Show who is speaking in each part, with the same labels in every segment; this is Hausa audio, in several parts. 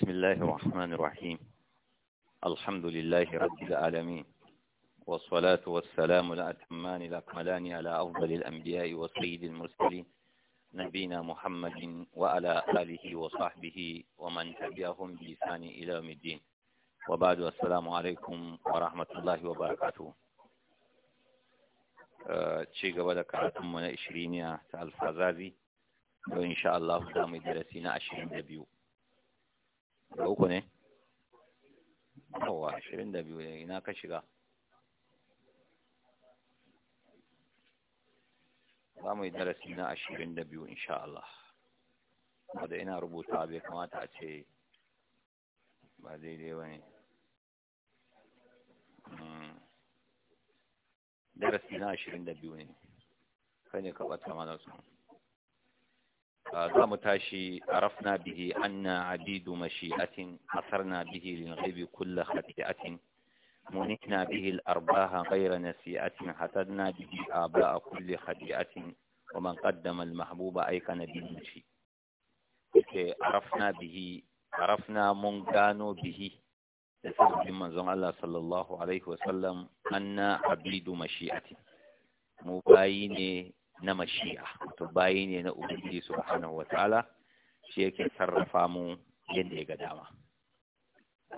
Speaker 1: بسم الله الرحمن الرحيم الحمد لله رب العالمين والصلاة والسلام الأتمان الأكملان على أفضل الأنبياء وسيد المرسلين نبينا محمد وعلى آله وصحبه ومن تبعهم بإحسان إلى يوم الدين وبعد السلام عليكم ورحمة الله وبركاته ci gaba da karatunmu na ishiriniya ta alfazazi don insha Allah za mu darasi na ashirin da biyu da uku ne yawa ashirin da biyu ne ina ka shiga za mu yi darasi na ashirin da biyu insha Allah wadda ina rubuta bai kamata a ce ba daidai ba ne hmm. darasi na ashirin da biyu ne kai ne ka ɓata su. za mu tashi a rafna bihi anna abidu mashi'atin asarna bihi lilghibi kulla khati'atin munikna bihi al-arbaha ghayra nasi'atin hatadna bihi aba'a kulli khati'atin wa man qaddama al-mahbuba aykana bihi shi arafna mun gano bihi da sabbin manzon Allah sallallahu alaihi wa sallam anna abidu mashi'atin mu bayi ne na mashi'a to bayi ne na ubangiji subhanahu ta'ala shi yake sarrafa mu yadda ya ga dama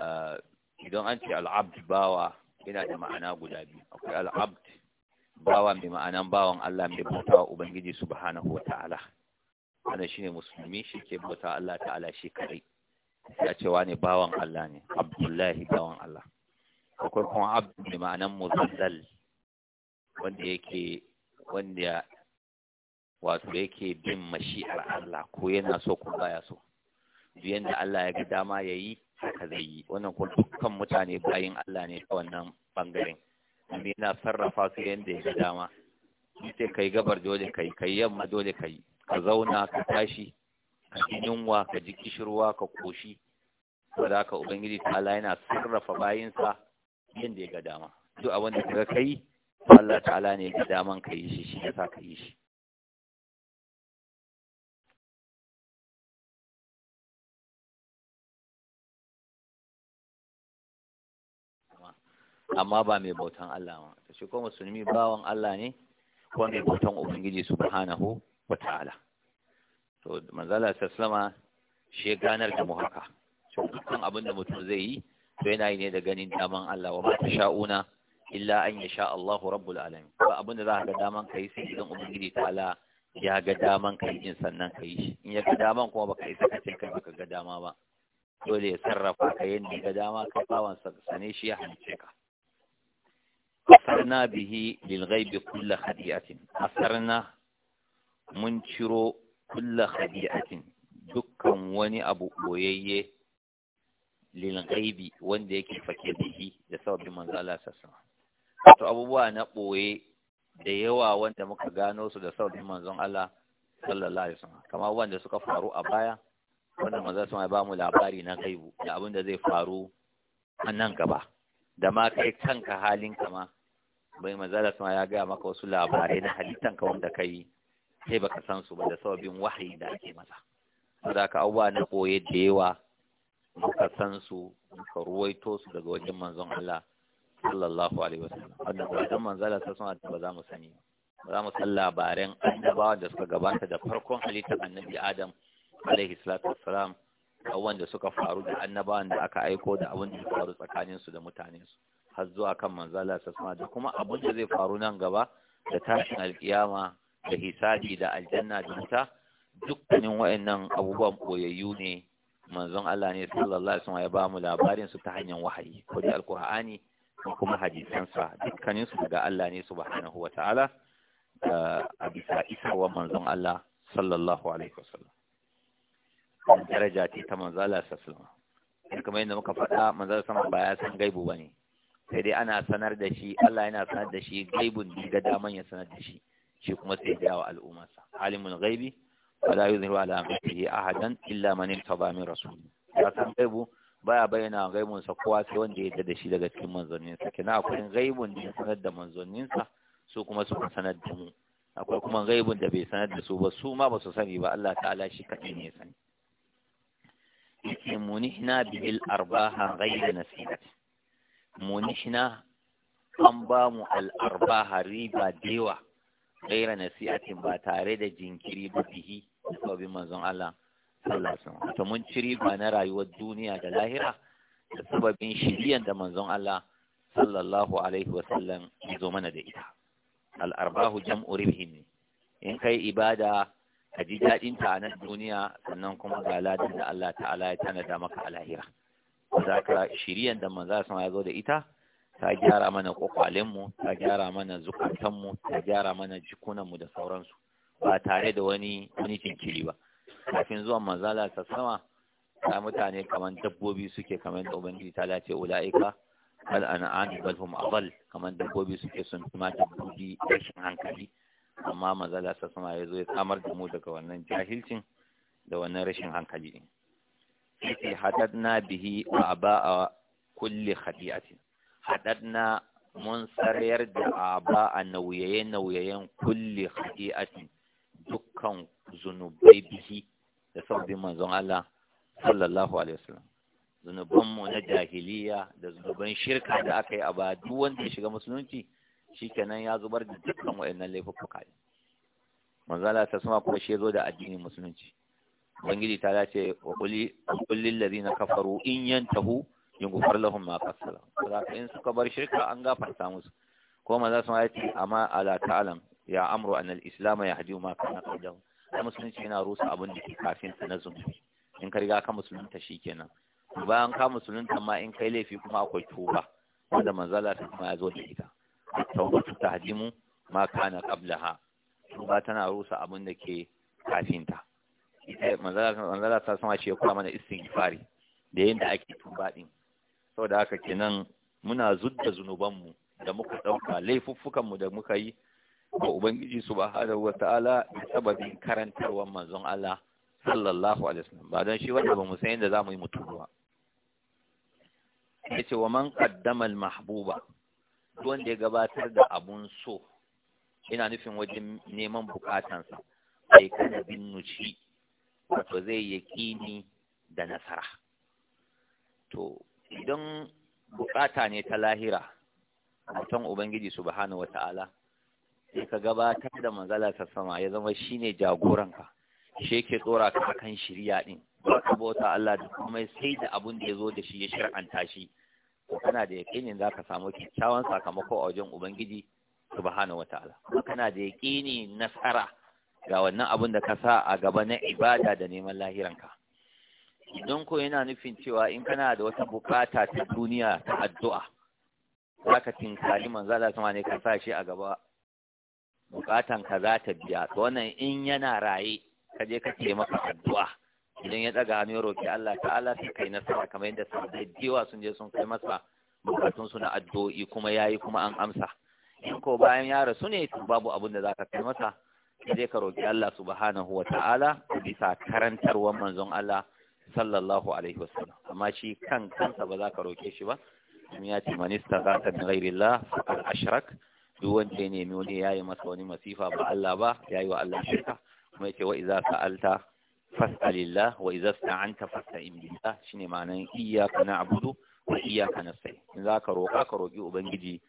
Speaker 1: ah, idan an ce al'abd bawa yana da ma'ana guda biyu akwai al'abd bawa mai ma'anan bawan Allah mai bauta wa ubangiji subhanahu wataala wannan shine musulmi shi ke bauta Allah ta'ala shi kadai ya ce wane bawan Allah ne abdullahi bawan Allah akwai kuma abd mai ma'anan muzallal wanda yake wanda wato yake bin mashi'ar Allah ko yana so ko baya so duk yanda Allah ya ga dama ya yi haka zai yi wannan kuma dukkan mutane bayan Allah ne ta wannan bangaren amma yana sarrafa su yanda ya ga dama sai kai gabar dole kai kai yamma dole kai ka zauna ka tashi ka ji yunwa ka ji kishirwa ka koshi saboda haka ubangiji ta Allah yana sarrafa bayinsa yanda ya ga dama duk abin da kaga kai Allah ta'ala ne ya ga daman ka yi shi shi yasa ka yi shi amma ba mai bautan Allah ba shi ko musulmi bawan Allah ne ko mai bautan ubangiji subhanahu wataala to manzala sallama shi ganar da mu haka to dukkan abin da mutum zai yi to yana yi ne da ganin daman Allah wa ma sha'una illa an yasha Allahu rabbul alamin ba abin da za ka ga daman kai sai idan ubangiji ta'ala ya ga daman ka yi sannan ka yi in ya ga daman kuma baka isa ka kai baka ga dama ba dole ya sarrafa ka yin da dama ka bawan sane shi ya hanci ka asarna bihi lil ghaibi kullu asarna mun ciro kullu khadi'atin dukkan wani abu boyayye lil ghaibi wanda yake fake bihi da sabbin manzo Allah sallallahu wato abubuwa na ɓoye da yawa wanda muka gano su da saurin manzon Allah sallallahu alaihi wasallam kamar wanda suka faru a baya wanda manzo sama ba mu labari na gaibu da abin da zai faru a nan gaba da ma kai kanka halin kama bai manzala sama ya gaya maka wasu labarai na halittan ka wanda kai sai baka san su ba da sababin wahayi da ake masa saboda ka abubuwa na koye da yawa muka san su muka ruwaito su daga wajen manzon Allah sallallahu alaihi wasallam wannan wajen manzala ta sama ba za mu sani ba za mu san labaran annabawa da suka gabata da farkon halittar annabi Adam alaihi salatu wassalam abubuwan da suka faru da annabawan da aka aiko da abin da ya faru tsakaninsu da mutanensu har zuwa kan manzala sassama da kuma abin da zai faru nan gaba da tashin alkiyama da hisabi da aljanna da wuta dukkanin wa'annan abubuwan koyayyu ne manzon Allah ne sallallahu alaihi wasallam ya ba mu labarin su ta hanyar wahayi ko da alqur'ani ko kuma sa dukkanin su daga Allah ne subhanahu wataala da eh, a bisa isarwa manzon Allah sallallahu alaihi wasallam daraja ce ta manzon Allah sallallahu alaihi wasallam kamar yadda muka faɗa manzon sama ba ya san gaibu bane sai dai ana sanar da shi Allah yana sanar da shi gaibun da daman ya sanar da shi shi kuma sai ya wa al'ummarsa alimul ghaibi wala yuzhiru ala ghaibihi ahadan illa man irtaba min rasul ya san gaibu baya bayyana gaibun sa kowa sai wanda ya yarda da shi daga cikin manzanninsa. sa kina akwai gaibun da sanar da manzanninsa? su kuma su sanar da mu akwai kuma gaibun da bai sanar da su ba su ma ba su sani ba Allah ta'ala shi kadai ne ya sani munihna bil arbaha ghayra nasibati munishna an ba mu al'arbaha riba dewa gaira nasi'atin ba tare da jinkiri ba da sabbin manzon Allah sallallahu mun ci riba na rayuwar duniya da lahira da sababin shiriyan da manzon Allah sallallahu alaihi wasallam ya zo mana da ita al'arbahu jam'u ribhin in kai ibada ka ji daɗin ta a nan duniya sannan kuma ga ladan da Allah ta'ala ya tanada maka a lahira za ka shiriyan da manza sama ya zo da ita ta gyara mana kwakwalenmu ta gyara mana zukatanmu ta gyara mana jikunanmu da sauransu ba tare da wani wani jinkiri ba kafin zuwan manzala ta sama ta mutane kamar dabbobi suke kamar da ubangiji ta lace ula'ika al an'am bal hum adall kamar dabbobi suke sun kuma dabbobi rashin hankali amma mazala ta sama ya zo ya samar da mu daga wannan jahilcin da wannan rashin hankali ne yake hadadna bihi a kulli khati'atin hadadna mun sarayar da aba'a nauyaye nauyayen kulli khati'atin dukkan zunubai bihi da sabbin manzon Allah sallallahu alaihi wasallam zunubanmu na jahiliya da zunuban shirka da aka yi a ba duk wanda ya shiga musulunci shikenan ya zubar da dukkan wa'annan laifuka ne manzala ta suma kuma shi zo da addinin musulunci ubangiji ta dace wa kulli kullil na kafaru in yantahu yughfar lahum ma qad salam in suka bar shirka an gafarta musu ko za su ce amma ala ta'alam ya amru an al-islam yahdi ma kana qablahu da musulunci yana rusa abin da ke kafin na zunubi in ka riga ka musulunta shi kenan bayan ka musulunta ma in kai laifi kuma akwai tuba wanda manzala ta kuma ya zo da ita tawbatu tahdimu ma kana qablaha tuba tana rusa abun da ke kafinta manzara ta sama ce ya kula mana istighfari da yadda ake tuba Sau da haka kenan muna zudda zunubanmu da muka ɗauka, laifuffukanmu da muka yi ga ubangiji su subhanahu wataala da sababin karantarwar manzon Allah sallallahu alaihi wasallam ba don shi wanda ba mu san yadda mu yi mutu ba ce wa man qaddama al mahbuba wanda ya gabatar da abun so ina nufin wajen neman bukatansa sai kana bin nuci wato zai yaƙini da nasara to idan buƙata ne ta lahira mutum ubangiji subhanahu wata'ala sai ka gabatar da manzala ta sama ya zama shine jagoranka shi yake tsora ka kan shirya ɗin. ba ka bauta Allah da kuma sai da abun da ya zo da shi ya shir'anta shi ko kana da yaƙinin za ka samu kyakkyawan sakamako a wajen ubangiji subhanahu wata'ala kuma kana da yaƙini nasara ga wannan abin da ka sa a gaba na ibada da neman lahiranka idan ko yana nufin cewa in kana da wata bukata ta duniya ta addu'a za ka tinkali manzo Allah sama ne ka sa shi a gaba bukatan ka za ta biya to wannan in yana raye ka je ka ce maka addu'a idan ya daga hannu ya roƙi Allah ta'ala sai kai nasara kamar yadda sahabbai diwa sun je sun kai masa bukatun na addu'o'i kuma yayi kuma an amsa in ko bayan ya rasu ne babu abin da za ka kai masa je ka roƙi Allah subhanahu wa ta'ala bisa karantarwar manzon Allah sallallahu alaihi wasallam amma shi kan kansa ba za ka roƙe shi ba domin ya ce manista za ta ashrak duk wanda ya nemi wani yayi masa wani masifa ba Allah ba yayi wa Allah shirka kuma yace wa idza sa'alta fas'alillah wa idza sta'anta fasta'in billah iya ka na abudu, wa na sai? in za ka roƙa ka roƙi ubangiji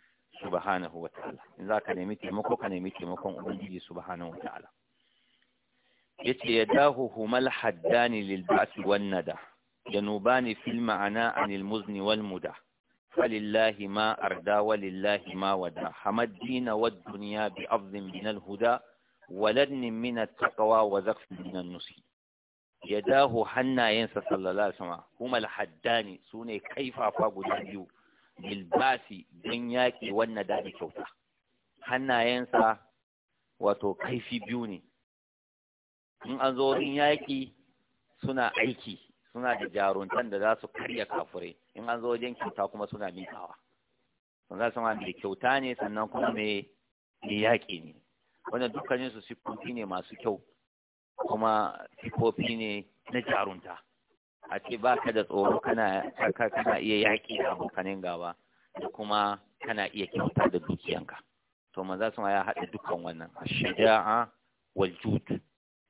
Speaker 1: subhanahu wa ta'ala in za ka nemi taimako ka nemi taimakon ubangiji subhanahu wa ta'ala yace yadahu humal haddani lil ba'th wan nada janubani fil ma'ana anil muzni wal muda فلله ما أردى ولله ما ودى حمى الدين والدنيا بأفض من الهدى ولدن من التقوى وزقف من النسي يداه حنا ينسى صلى الله عليه وسلم هما الحدان سوني كيف أفاق دانيو bilbasi don yaƙi wannan daɗi kyauta hannayensa wato kaifi biyu ne in an zo wurin yaƙi suna aiki suna da jaruntan da za su karya kafure. in an zo wajen kyauta kuma suna mikawa sun za su ma kyauta ne sannan kuma mai yaƙi ne wannan dukkaninsu siffofi ne masu kyau kuma siffofi ne na jarunta a ce ba ka da tsoro kana kana iya yaƙi da abokanin gaba da kuma kana iya kyauta da dukiyanka to maza su ma ya haɗa dukkan wannan a wal waljut.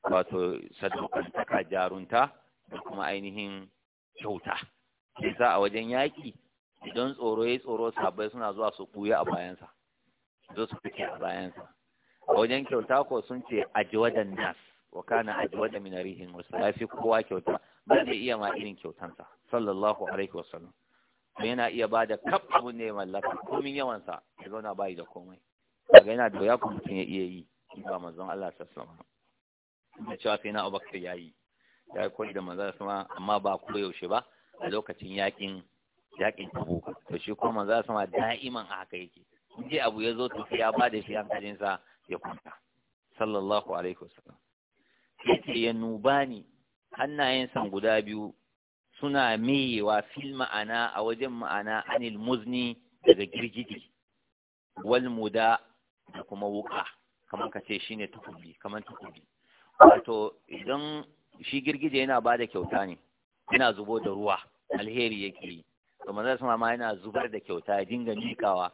Speaker 1: wato sadaukantaka jarunta da kuma ainihin kyauta sa a wajen yaƙi idan tsoro ya tsoro sabai suna zuwa su ɓuya a bayansa zo su fice a bayansa a wajen kyauta ko sun ce ajiwadan nas wa kana ajiwada min minarihin wasu lafi kowa kyauta ba zai iya ma irin kyautansa sallallahu alaihi wasallam yana iya ba da kaf abin da ya mallaka komin yawansa ya zauna bayi da komai daga yana da ya kuma mutum ya iya yi ba manzon Allah sallallahu alaihi da cewa sai na Abubakar ya yi ya yi koyi da manzon sama amma ba ko yaushe ba a lokacin yakin yakin tabu to shi kuma manzon sama da'iman a haka yake in dai abu ya zo to sai ya ba da shi hankalinsa ya kwanta sallallahu alaihi wasallam yake ya nubani hannayen san guda biyu suna meyewa fil ma'ana a wajen ma'ana anil muzni daga girgidi wal muda da kuma wuka kamar ka ce shine tukubi kamar tukubi wato idan shi girgije yana ba da kyauta ne yana zubo da ruwa alheri yake yi to manzon sama ma yana zubar da kyauta ya dinga mikawa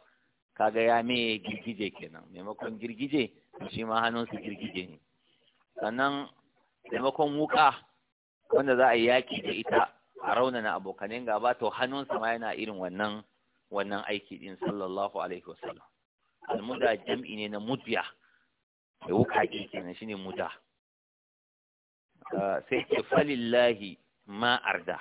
Speaker 1: kaga ya me girgije kenan maimakon girgije shi ma hannunsa girgije ne sannan maimakon wuka wanda za a yi yaƙi da ita a raunana abokanin gaba to hannunsa ma yana irin wannan wannan aiki din sallallahu alaihi wasallam almuda jam'i ne na mudya da ke kenan shine muda ah, sai ke falillahi ma arda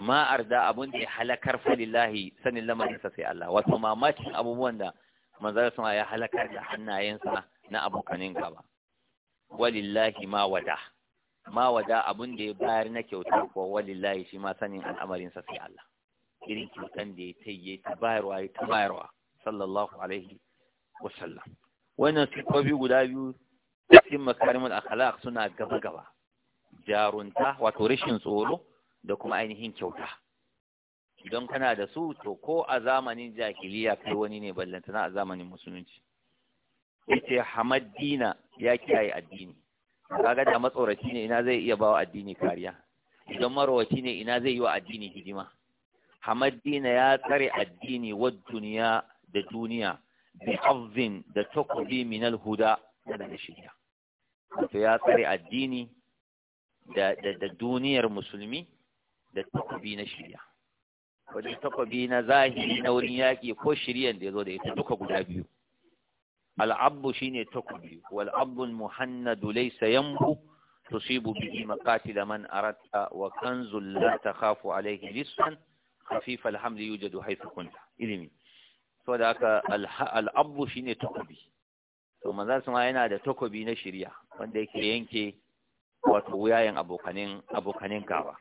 Speaker 1: ma arda abun da ya halakar falillahi sanin lamarinsa sai Allah wato mamakin abubuwan da manzara sama ya halakar da hannayensa na abokanin gaba walillahi ma wada ma wada abun da ya bayar na kyauta ko walillahi shi ma sanin al'amarin sa sai Allah irin kyautan da ya tayye ta bayarwa ya ta bayarwa sallallahu alaihi wa sallam wannan sifofi guda biyu cikin makarimul akhlaq suna gaba gaba jarunta wato rashin tsoro da kuma ainihin kyauta idan kana da su to ko a zamanin jahiliya kai wani ne ballantana a zamanin musulunci yace hamaddina ya kiyaye addini kaga da matsoraci ne ina zai iya bawa addini kariya idan marwaci ne ina zai yi wa addini hidima hamaddina ya tsare addini wa duniya da duniya bi hazzin da takubi min alhuda da shirya wato ya tsare addini da da duniyar musulmi da takubi na shirya wajen takubi na zahiri na wurin yaƙi ko shiryan da ya zo da ita duka guda biyu al'abbu shine takobi wal abbu muhannadu laysa yanbu tusibu bihi maqatil man aratta wa kanzul la alayhi risqan khafif al hamli yujadu kunta ilimi saboda haka al'abbu shine takobi to su ma yana da takobi na shirya wanda yake yanke wato wuyayen abokanin abokanin gawa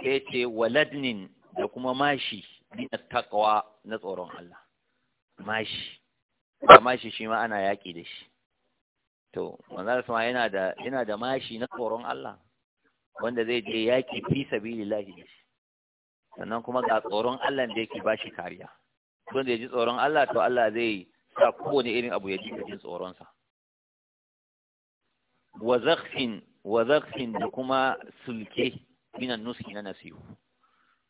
Speaker 1: sai ce waladnin da kuma mashi min taqwa na tsoron Allah mashi ah. mashi shi ma ana yaƙi da shi to manzal sama yana da yana da mashi na tsoron Allah wanda zai je yaƙi fi sabilillahi da shi sannan kuma ga tsoron Allah da yake bashi kariya don da ya ji tsoron Allah to Allah zai sa kowane irin abu ya ji jin tsoronsa wa zakhfin wa zakhfin da kuma sulke minan nuski na nasihu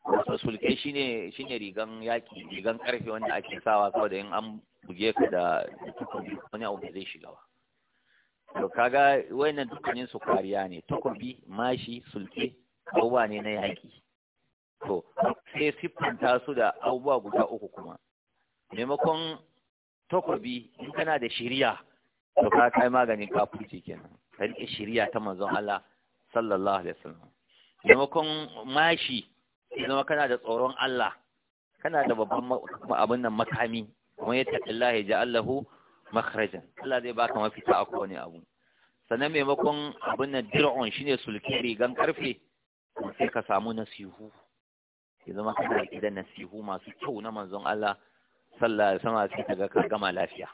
Speaker 1: wasu sulke shine shine rigan yaki rigan karfe wanda ake sawa saboda in an buge ka da takobi wani abu zai shiga ba to kaga wayannan dukkanin su kariya ne takobi mashi sulke abubuwa ne na yaki to sai siffanta su da abubuwa guda uku kuma maimakon takobi in kana da shiriya to ka kai maganin kafirci kenan ka rike shiriya ta manzon Allah sallallahu alaihi wasallam maimakon mashi ya zama kana da tsoron Allah kana da babban abin nan makami kuma ya taƙi Allah ya ji Allahu makarajan Allah zai baka mafita a kowane abu sannan maimakon abin nan dir'on shine sulke rigan karfe sai ka samu nasihu ya zama kana da nasihu masu kyau na manzon Allah sallallahu ya wasallam sai ka gama lafiya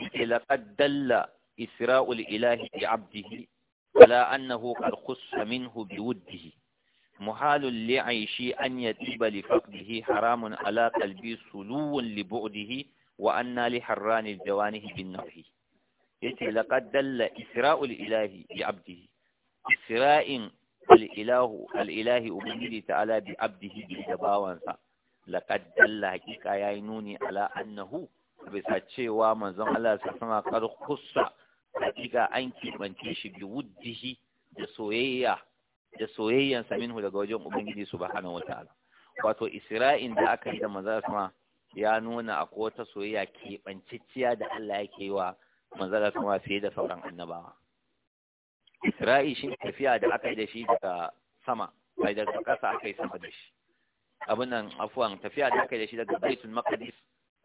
Speaker 1: yake laqad dalla isra'ul ilahi bi 'abdihi wala annahu qad khussa minhu bi wuddihi muhalul shi an yatiba li faqdihi haramun ala qalbi suluwun li bu'dihi wa anna li harrani jawanihi bin nahi yace laqad dalla isra'ul ilahi bi abdihi isra'in al'ilahu al'ilahi ubangiji ta'ala bi abdihi bi da bawansa laqad dalla hakika yayi nuni ala annahu bisa cewa manzon Allah sa sama kar kussa hakika an kibance shi bi wuddihi da soyayya da soyayyansa minhu daga wajen ubangiji subhanahu ta'ala wato isra'in da aka yi da manzara kuma ya nuna akwai wata soyayya keɓancicciya da Allah yake yi wa manzara kuma fiye da sauran annabawa isra'i shi tafiya da aka yi da shi daga sama bai da kasa aka yi sama da shi abin nan afuwan tafiya da aka yi da shi daga baitul maqdis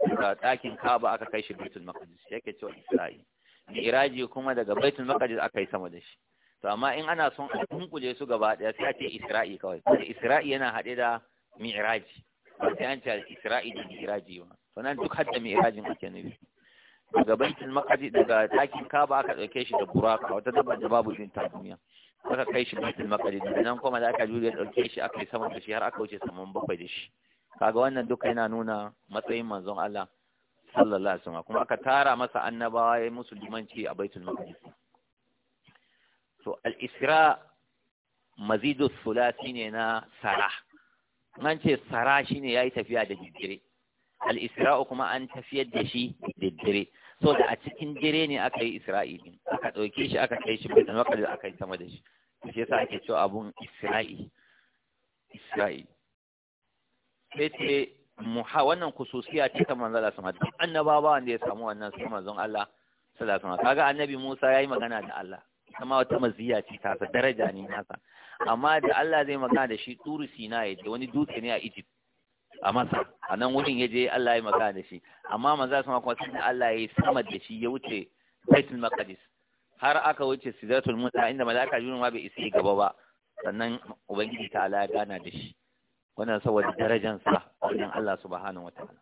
Speaker 1: daga ɗakin kaba aka kai shi baitul maqdis yake cewa isra'i miraji kuma daga baitul maqdis aka yi sama da shi to amma in ana son a dunkule su gaba daya sai a ce isra'i kawai kuma isra'i yana haɗe da mi'raji sai an ce isra'i da mi'raji ba to nan duk hadda mi'rajin ake nufi daga bankin maqdis daga takin kaba aka ɗauke shi da buraka wata dabba da babu jin ta duniya aka kai shi bankin maqdis daga nan kuma da aka jure ɗauke shi aka yi saman da shi har aka wuce saman bakwai da shi kaga wannan duka yana nuna matsayin manzon Allah sallallahu alaihi wasallam kuma aka tara masa annabawa ya musulmanci a baitul maqdis To al-isra mazidu thulathi ne na sara an ce sara shine yi tafiya da jirgire al kuma an tafiyar da shi da so da a cikin dire ne aka yi isra'ili aka dauke shi aka kai shi baitul maqdis aka yi sama da shi shi yasa ake cewa abun isra'i isra'i sai ce muha wannan kususiya ce ta manzala sama duk annabawa wanda ya samu wannan sai manzon Allah sallallahu alaihi wasallam kaga annabi Musa yayi magana da Allah kama wata maziya ce tasa daraja ne masa. amma da Allah zai magana da shi turu sina ya je wani dutse ne a Egypt a masa a nan wurin ya je Allah ya magana da shi amma maza sama kuma sai Allah ya yi sama da shi ya wuce Baitul Maqdis har aka wuce Sidratul Muntaha inda malaka Jibril ma bai isa gaba ba sannan ubangiji ta ala ya gana da shi wannan saboda darajansa wajen Allah subhanahu wataala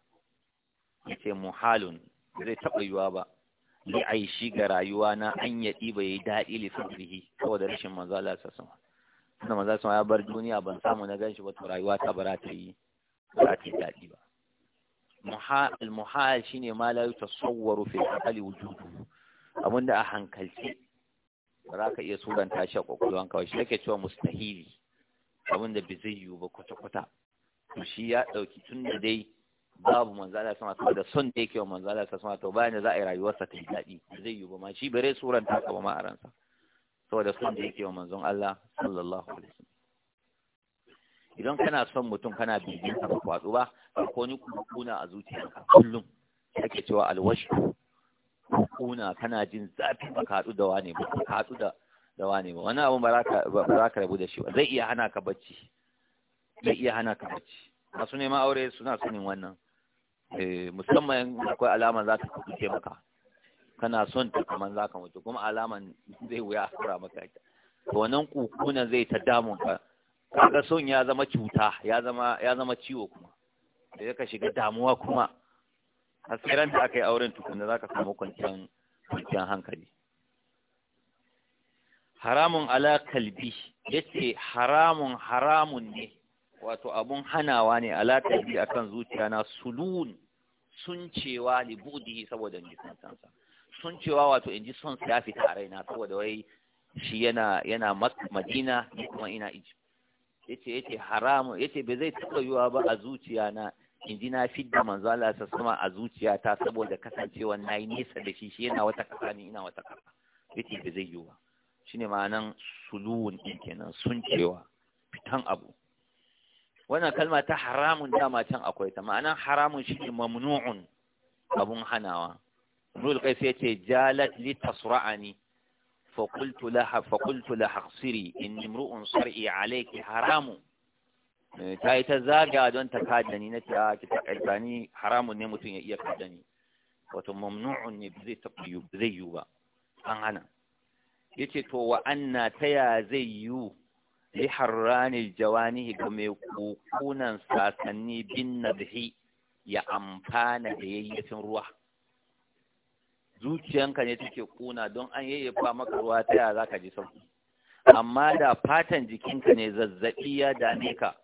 Speaker 1: ce muhalun zai taɓa yiwa ba Yi aishi ga rayuwa na an ya ɗiba ya daɗi li sabrihi saboda rashin manzo Allah sa sama tunda manzo sama ya bar duniya ban samu na ganshi ba rayuwa ta bara ta yi ba ta daɗi ba muhal shine ma la yutasawwaru fi aqli wujudu abinda a hankalci ba za ka iya suranta shi a kwakwalwan kawai shi ake cewa mustahili abinda bai zai yiwu ba kwata-kwata to shi ya ɗauki tun da dai babu manzo Allah sama sama da son da yake wa manzo Allah sama to bayan da za a yi rayuwarsa ta daɗi zai yi goma ma shi bare suran ta ka ma a ransa saboda son da yake wa manzon Allah sallallahu alaihi wasallam idan kana son mutum kana bibin ka kwatsu ba ko ni kuna a zuciyarka kullum Kake cewa alwashi kuna kana jin zafi ba ka da wane ba ka da da wane ba wani abun ba za ka rabu da shi ba zai iya hana ka bacci zai iya hana ka bacci masu neman aure suna sanin wannan Eh, musamman akwai alama za ta kuce maka kana son ta kaman za ka mutu kuma alaman zai wuya a maka ita to wannan kukunan zai ta damun ka kaga son ya zama cuta ya zama ya zama ciwo kuma da ka shiga damuwa kuma a tsiran da aka yi auren tukunna za ka samu kwanciyar kwanciyar hankali haramun ala kalbi ce haramun haramun ne wato abun hanawa ne ala a kan zuciya na sulun sun cewa libudi saboda son sansa sun cewa wato in ji son ya fita a raina saboda wai shi yana yana madina ni kuma ina iji yace yace haramu yace bai zai taba yiwa ba a zuciya na in ji na fidda manzo Allah ta sama a zuciya ta saboda kasancewa na yi nesa da shi shi yana wata kasa ni ina wata kasa yace bai zai yiwa shine ma'anan sulun din kenan sun cewa fitan abu wannan kalma ta haramun dama can akwai ta ma'anan haramun shine mamnu'un abun hanawa Ibn al-Qais yace jalat li tasra'ani fa qultu laha fa qultu laha khsiri inni imru'un sar'i alayki haramu. Eh, ta yi ta zaga don ta kada na nace a ah, ki ta ni haramun ne mutum ya iya kada wato mamnu'un ne zai taɓa zai yi ba an hana yace to wa anna ta ya zai yi li harrani jawanihi ga mai kukunan sasanni bin nadhi ya amfana da yayyafin ruwa zuciyanka ne take kuna don an yayyafa maka ruwa ta yaya zaka ji sauki amma da fatan jikinka ne zazzabi ya dame ka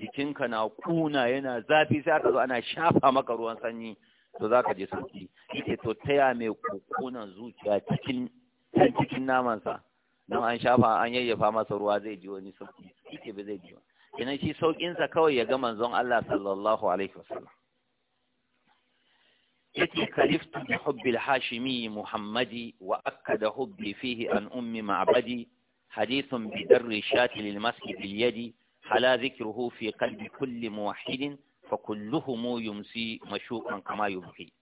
Speaker 1: jikinka na kuna yana zafi sai aka zo ana shafa maka ruwan sanyi to zaka ji sauki ita to taya mai kukunan zuciya cikin cikin namansa don an shafa an yayyafa masa ruwa zai ji wani sauki ba zai ji shi saukinsa kawai ya ga manzon Allah sallallahu alaihi wasallam yake kaliftu bi hubbi al-hashimi muhammadi wa akkada hubbi fihi an ummi ma'badi hadithun bi darri shati lil masjid bil yadi hala dhikruhu fi qalbi kulli muwahhidin fa kulluhum yumsi mashuqan kama yubhi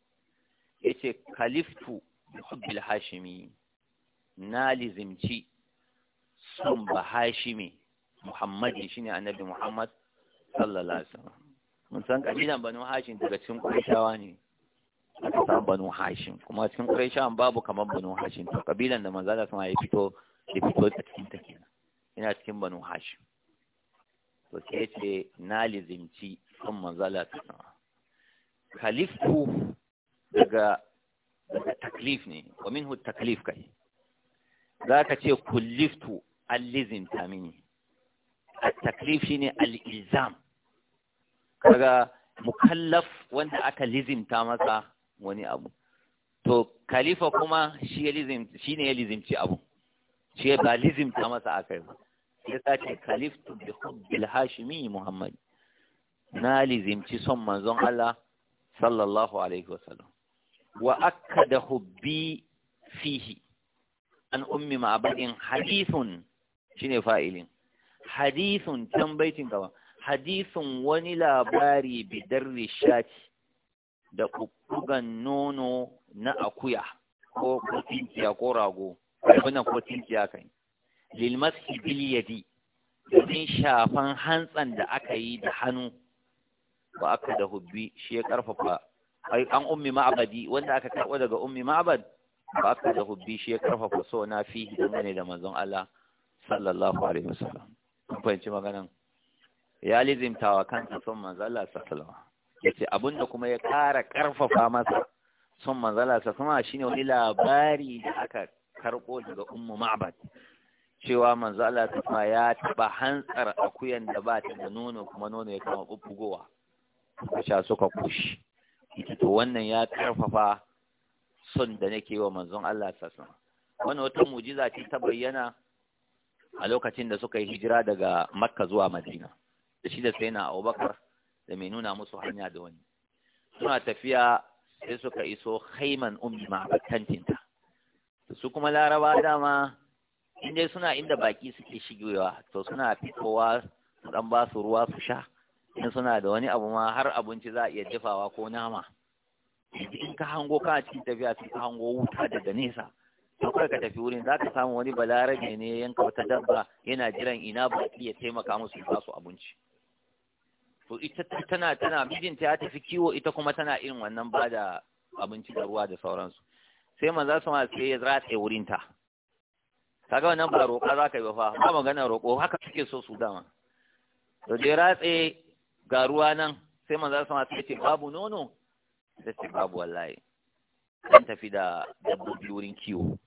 Speaker 1: yace kaliftu bi hubbi al-hashimi na lizimci son bahashimi muhammadi shine annabi muhammad sallallahu alaihi mun san kabilan banu hashim daga cikin qurayshawa ne aka san banu hashim kuma cikin qurayshawan babu kamar banu hashim to kabilan da manzo da sama ya fito
Speaker 2: ya fito ta cikin
Speaker 1: ta kenan ina cikin banu hashim to sai ce na lizimci son manzo da sama khalifu daga daga taklif ne wa minhu taklif kai za ka ce kulliftu allizin ta mini a taklif shi ne al'izam. kaga mukallaf wanda aka lizimta masa wani abu to khalifa kuma shi ne ya lizimci abu shi ya ba lizimta masa aka yi ya sa ce khaliftu bi hubbil hashimi muhammad na lizimci son manzon Allah sallallahu alaihi wasallam wa da hubbi fihi an ummi ma'abadin hadithun shine fa'ilin hadithun tambaitin gaba hadithun wani labari bidar rishati da kukkugan nono na akuya ko tinkiya ko rago abinan ko tinkiya kai bil biliyadi domin shafan hantsan da aka yi da hannu ba aka da hubbi shi ya karfafa ai an ummi ma'abadi wanda aka karɓo daga ummi ma'abad ba ka da hubbi shi ya karfafa so na fi dangane da manzon Allah sallallahu alaihi wasallam kun fahimci maganan ya lizimtawa kansa son manzon Allah sallallahu alaihi yace abinda kuma ya kara karfafa masa son manzon Allah sallallahu alaihi shine wani labari da aka karbo daga ummu ma'bad cewa manzon Allah sallallahu ya taba hantsar akuyan da ba ta da nono kuma nono ya kama bubbugowa suka sha suka kushi to wannan ya karfafa son da nake wa manzon Allah sassan Wani wata mujiza ce ta bayyana a lokacin da suka yi hijira daga makka zuwa madina da shi da sai na abubakar da mai nuna musu hanya da wani suna tafiya sai suka iso haiman ummi kantinta. su kuma laraba dama inda suna inda baki suke shigewa to suna fitowa su dan ba su ruwa su sha in suna da wani abu ma har abinci za a iya dafawa ko nama in ka hango ka cikin tafiya sai ka hango wuta daga nesa to kawai ka tafi wurin za ka samu wani balarabe ne yanka wata dabba yana jiran ina baki ya taimaka musu ba su abinci to ita tana tana mijinta ya tafi kiwo ita kuma tana irin wannan ba da abinci da ruwa da sauransu sai su ma sai ya ratse wurin ta kaga wannan ba roƙa za ka yi ba fa ba magana roƙo haka suke so su dama to dai ratse ga ruwa nan sai su ma sai ce babu nono sai ce babu wallahi zan tafi da dabbobi wurin kiwo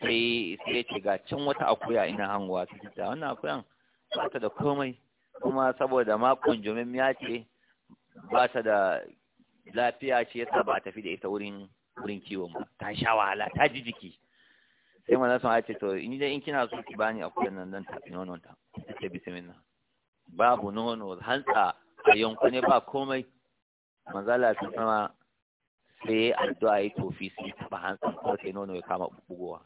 Speaker 1: sai sai ce ga can wata akuya ina hangowa sai ta wannan akuyan ba ta da komai kuma saboda ma kunjumin ya ce ba ta da lafiya ce yasa ba tafi da ita wurin wurin kiwon ba ta sha wahala ta ji jiki sai manzon sun ce to in dai in kina so ki bani akuyan nan dan tafi nonon ta ce bismillah babu nono hantsa a yankune ba komai manzala ta sama sai ya addu'a ya tofi su ba hansa ko sai nono ya kama bugowa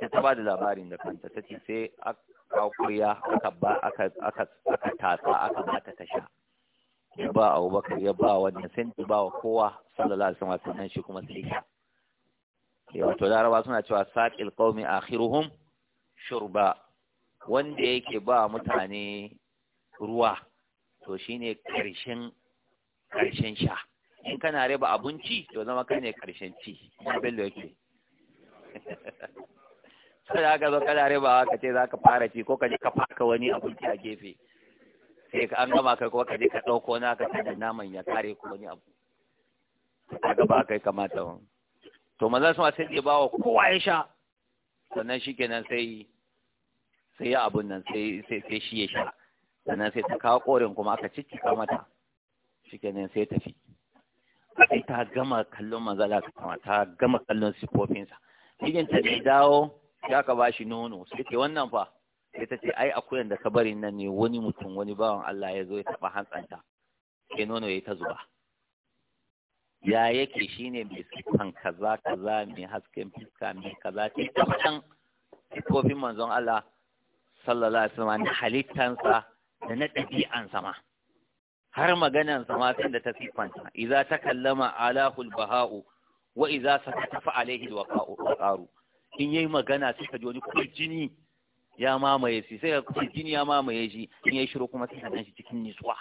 Speaker 1: ta ta ba da labarin da kanta ta ce sai aka kuriya aka ba aka aka aka tatsa aka ta tasha. ya ba Abubakar ya ba wannan sai ta ba wa kowa sallallahu alaihi wasallam sannan shi kuma sai ya ya wato laraba suna cewa saqil qaumi akhiruhum shurba wanda yake ba mutane ruwa to shine karshen ƙarshen sha in kana raba abinci to zama kai ne ƙarshen ci na bello yake sai da aka zo kana rabawa ka ce za ka fara ci ko ka je ka faka wani abinci a gefe sai ka an gama kai kuma ka je ka ɗauko na ka tada naman ya kare ko wani abu a gaba kai kamata ba to maza su sai ba bawa kowa ya sha sannan shikenan sai sai ya abun nan sai sai shi ya sha sannan sai ta kawo korin kuma aka ciccika mata shikenan sai tafi sai ta gama kallon manzala ta kama ta gama kallon sifofinsa ta da dawo ya ka bashi nono sai ke wannan fa sai ta ce ai akuyan da ka bari nan ne wani mutum wani bawan Allah ya zo ya taba hantsanta ke nono ya ta zuba ya yake shine mai sifan kaza kaza mai hasken fiska mai kaza ce tabbacan sifofin manzon Allah sallallahu alaihi wasallam halittansa da na ɗabi'an sama har maganan samatin da ta sifanta idza kallama alahul baha'u wa idza sakata fa alaihi waqa'u in yayi magana sai ka ji wani jini ya mamaye shi sai ka jini ya mamaye shi in yayi shiru kuma sai ka ganshi cikin nitsuwa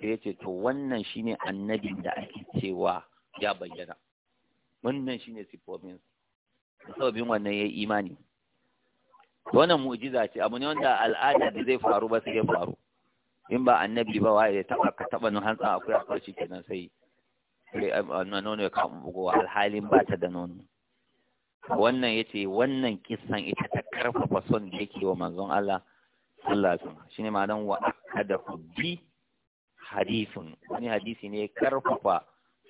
Speaker 1: sai yace to wannan shine annabin da ake cewa ya bayyana wannan shine sifofin sababin wannan yayi imani wannan mu'jiza ce abu ne wanda al'ada da zai faru ba sai ya faru in ba annabi ba waye ya taba ka taba nan hantsa akwai akwai shi kenan sai sai eh, nono ya kama bugowa alhalin ba ta da nono wannan yace wannan kissan ita ta karfafa son da yake wa manzon Allah sallallahu alaihi wasallam shine ma'anar wa akada bi hadithun wani hadisi ne karfafa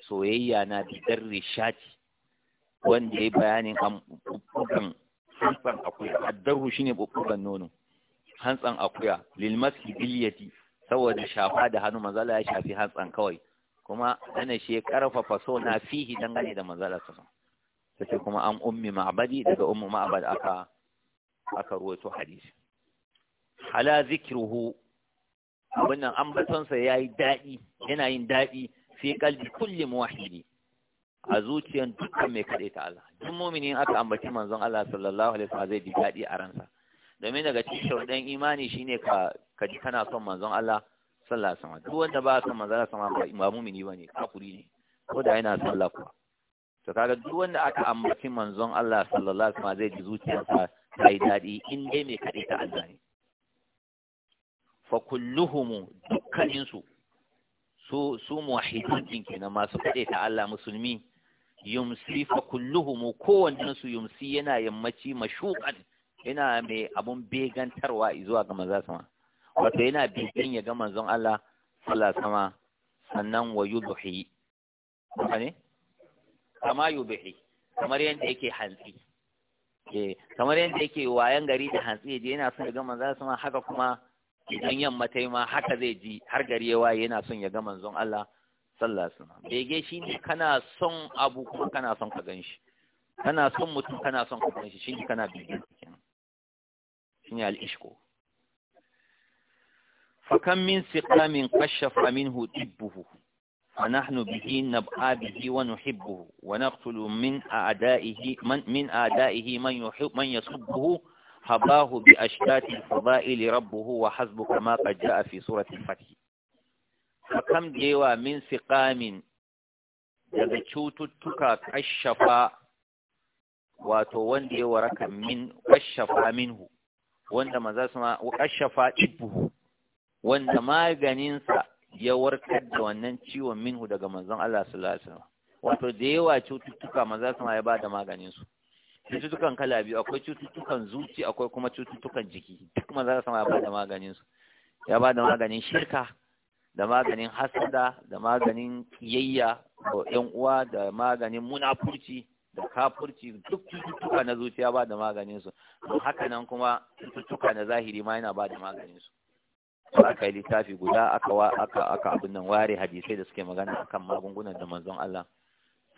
Speaker 1: soyayya na bidar rishati wanda ya bayanin an bubbugan hantsan akuya addaru shine bubbugan nono hantsan akuya lil maski saboda shafa da hannu manzala ya shafi hantsan kawai kuma ana shi ya karfafa so na fihi dangane da manzala sa sai kuma an ummi ma'abadi daga ummu ma'abad aka aka ruwaito hadisi ala zikruhu wannan ambaton sa yayi dadi yana yin dadi fi qalbi kulli muwahhidi a zuciyar dukkan mai kaɗai ta Allah duk muminin aka ambaci manzon Allah sallallahu alaihi wasallam zai ji daɗi a ransa domin daga cikin shaudan imani shine ka ka ji kana son manzon Allah sallallahu alaihi wasallam duk wanda ba son manzon Allah sallallahu alaihi wasallam ba mumini bane kafiri ne ko da yana Allah kuwa to kaga duk wanda aka ambaci manzon Allah sallallahu alaihi wasallam zai ji zuciyarsa ta yi dadi in dai mai kaɗai ta Allah ne fa kulluhum dukkanin su su su muwahhidin din kenan masu kade ta Allah musulmi yumsi fa kulluhum kowannen su yumsi yana yammaci mashuqan yana mai abun begantarwa zuwa ga maza sama wato yana bikin ya ga manzon Allah sallallahu alaihi sannan wa yudhi ne kama yubhi kamar yadda yake hantsi eh kamar yadda yake wayan gari da hantsi je yana son ya ga manzon sama haka kuma idan yamma tai ma haka zai ji har gari ya waye yana son ya ga manzon Allah sallallahu alaihi wasallam bege ne kana son abu kuma kana son ka ganshi kana son mutum kana son ka ganshi shi kana bibiyar shi ne al ishku فكم من سقام قشف منه طبه فنحن به نبقى به ونحبه ونقتل من أعدائه من, من أعدائه من, يحب من يصبه هباه بأشتات الفضائل ربه وحسبك ما قد جاء في سورة الفتح فكم ديوا من سقام daga cututtuka kashafa wato wanda ya waraka min kashafa minhu wanda maza suna kashafa ibuhu wanda maganinsa ya warkar da wannan ciwon minhu daga manzon Allah sallallahu alaihi wasallam wato da yawa cututtuka maza su ma ya bada maganin su cututtukan kala biyu akwai cututtukan zuci akwai kuma cututtukan jiki duk maza su ma ya bada maganin su ya bada maganin shirka da maganin hasada da maganin kiyayya da yan uwa da maganin munafurci da kafurci duk cututtuka na zuciya ba da maganin su haka nan kuma cututtuka na zahiri ma yana ba da maganin su aka yi littafi guda aka aka aka abin nan ware hadisai da suke magana akan magungunan da manzon Allah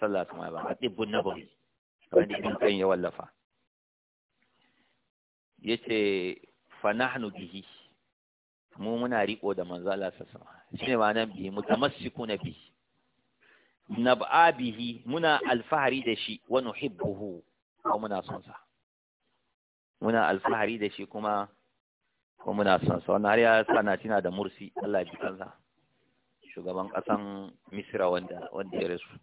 Speaker 1: sallallahu alaihi wasallam a tibbun nabawi kamar da ibn kan ya wallafa yace fa nahnu bihi mu muna riko da manzon Allah sallallahu alaihi wasallam shine ma'anar bihi na bi? nab'a bihi muna alfahari da shi wa nuhibbuhu ko muna son sa muna alfahari da shi kuma ko muna son sa wannan har ya sana tina da mursi Allah ji kansa shugaban kasan misra wanda wanda ya rasu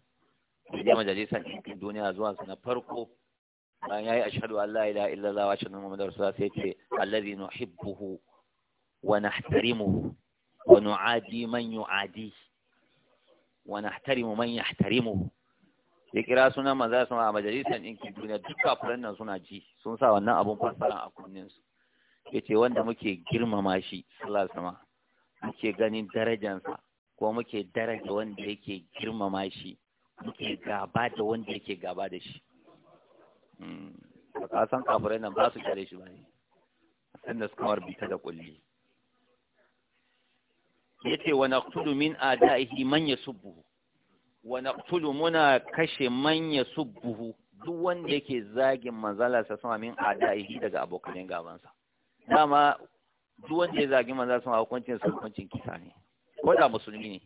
Speaker 1: da majalisan cikin duniya zuwa na farko bayan yayi ashhadu an la ilaha illallah wa ashhadu anna muhammadar rasulullah sai ce allazi nuhibbuhu wa nahtarimuhu wa nu'adi man yu'adi wa nahtarimu man yahtarimuhu ya kira sunan manzo suna a majalisan ɗinkin duniya duka kafiran nan suna ji sun sa wannan abun fassara a kunninsu yace wanda muke girmama shi sallallahu sama, muke ganin darajansa ko muke daraja wanda yake girmama shi muke gaba da wanda yake gaba da shi hmm. ka san kafirai nan ba su kare shi ba ne da suka kamar bita da kulli yace wa naqtulu min adaihi man yasubbu wa naqtulu muna kashe man yasubbu duk wanda yake zagin manzala sa sama min adaihi daga abokan gabansa dama duk wanda ya zagi manzo sun hukuncin su hukuncin kisa ne ko da musulmi ne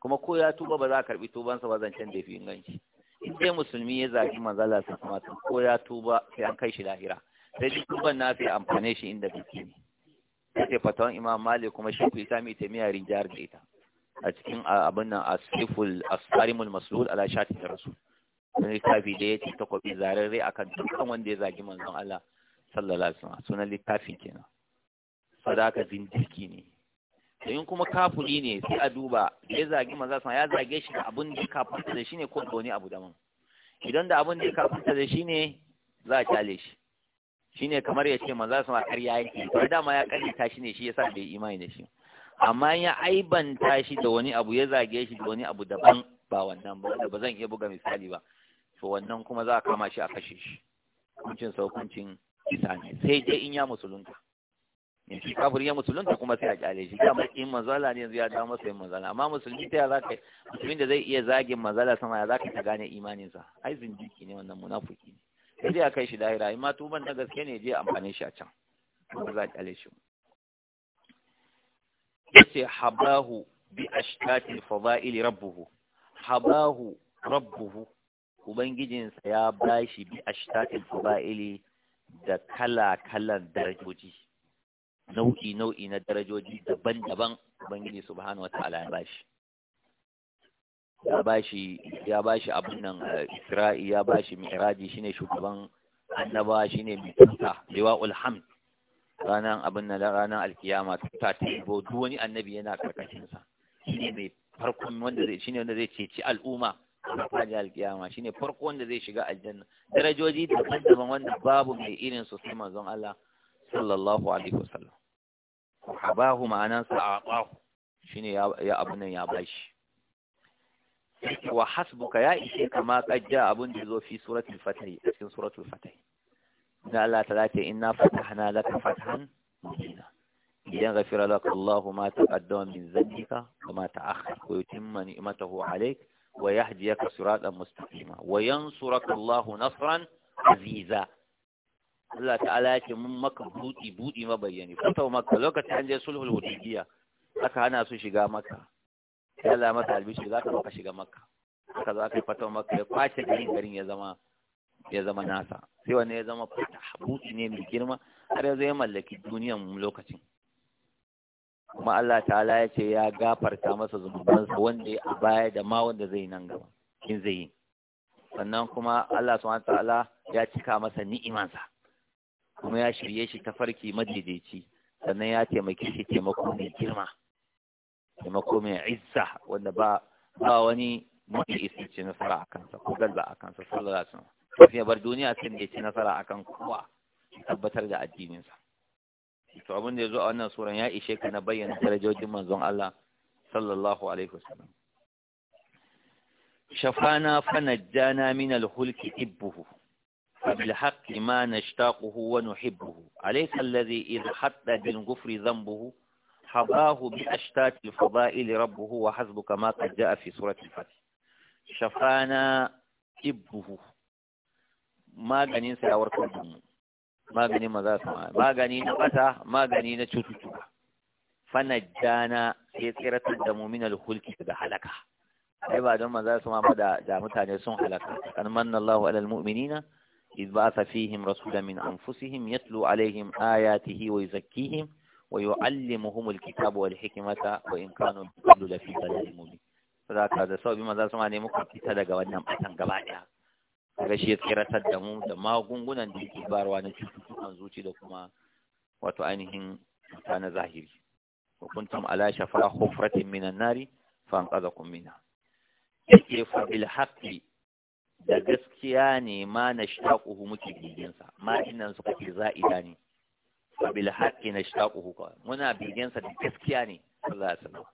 Speaker 1: kuma ko ya tuba ba za a karbi tubansa ba zancen da fi inganci in dai musulmi ya zagi manzo Allah sun kuma ko ya tuba sai an kai shi lahira sai duk tuban na sai amfane shi inda biki ne sai fatawan Imam Malik kuma shi ku isami miya rinjar da ita a cikin abin nan asiful asarimul maslul ala shati rasul ne kafi da yace takobi zararre akan dukkan wanda ya zagi manzon Allah sallallahu alaihi sunan littafin kenan sadaka zindiki ne in kuma kafuri ne sai a duba ya zagi maza sama ya zage shi da abun da kafurta da shi ne ko wani abu daban idan da abun da kafurta da shi ne za a kyale shi shine kamar ya ce maza su ma karya yake to dama ya karita shi ne shi yasa bai imani da shi amma ya aibanta shi da wani abu ya zage shi da wani abu daban ba wannan ba wanda ba zan iya buga misali ba to wannan kuma za a kama shi a kashe shi hukuncin sa hukuncin kisa ne sai dai in ya musulunta in shi kafir ya musulunta kuma sai a kyale shi ya in manzala ne yanzu ya dawo masa yin manzala amma musulmi ta za ka musulmi da zai iya zagin manzala sama ya za ka ta gane imaninsa ai zindiki ne wannan munafuki ne sai dai a kai shi lahira in ma tuban na gaske ne je amfani shi a can kuma za a kyale shi yace habahu bi ashtati fada'il rabbuhu habahu rabbuhu ubangijinsa ya bashi bi ashtatil fadaili da kala-kalan darajoji nau'i-nau'i na darajoji daban-daban ubangiji subhanahu wa ta'ala ya bashi ya bashi ya bashi abin nan eh, isra'i ya bashi mi'raji shine shugaban annaba shine tuta, Lewa hamd ranar abin nan ranar alkiyama ta yi. duk wani annabi yana karkashinsa. Shi shine mai farkon wanda zai shine wanda zai ceci al'umma da faji alkiyama shine farko wanda zai shiga aljanna darajoji daban-daban wanda babu mai irin su sai manzon Allah sallallahu alaihi wasallam habahu ma'anan sa aqahu shine ya abu nan ya bashi wa hasbuka ya ishe kama qajja abun da zo fi suratul fatih cikin suratul fatih da Allah ta dace inna fatahna laka fathan mubina idan ghafira laka Allahu ma taqaddama min dhanbika wa ma ta'akhkhara wa yutimma ni'matahu alayka wa yahdiyaka siratan mustaqima wa yansuraka surak'allahu nasran aziza Allah ta'ala ya ce mun maka buɗi buɗi mabayyani fata maka lokacin an je sulhul hudaybiya aka hana su shiga maka sai Allah maka albishi za ka baka shiga maka aka zo aka yi fata maka ya kwace garin garin ya zama ya zama nasa sai wanne ya zama fata buɗi ne mai girma har ya zo ya mallaki duniyan lokacin kuma Allah ta'ala ya ce ya gafarta masa zunubansa wanda ya baya da ma wanda zai nan gaba in zai yi sannan kuma Allah subhanahu ta'ala ya cika masa ni'imansa kuma ya shirye shi ta farki madaidaici sannan ya taimake shi taimako mai girma taimako mai izza wanda ba ba wani mutum isa ce nasara a kansa ko galba a kansa sallallahu alaihi wasallam ya bar duniya sai da ya ci nasara akan kowa tabbatar da addininsa to abin da ya zo a wannan suran ya ishe ka na bayyana darajojin manzon Allah sallallahu alaihi wasallam shafana fanajjana min al-hulki ibbuhu فبالحق ما نشتاقه ونحبه أليس الذي إذ حط بالغفر ذنبه حظاه بأشتات الفضائل ربه وحسب كما قد جاء في سورة الفتح شفانا إبه ما كان ينسى أوركم Magani maza su magani na bata magani na cututtuka fanajjana sai tsiratar da mu hulki da halaka ai ba don maza su ma da da mutane sun halaka kan manna Allahu alal mu'minina إذ بعث فيهم رسولا من أنفسهم wal عليهم آياته in ويعلمهم الكتاب والحكمة وإن كانوا قبل da ضلال مبين maza su ma بما ذا سمعني daga wannan batan gaba قبعها Rashin ya tsiratar da mu da magungunan da yake barwa na cututtukan zuci da kuma wato ainihin ta na zahiri wa kuntum ala shafa hufratin minan nari fa ƙaza minha yake fa bil da gaskiya ne ma na shtaquhu muke bigensa ma inan suka ce za'ida ne fa bil haqqi na shtaquhu ka muna bigensa da gaskiya ne Allah ya sanar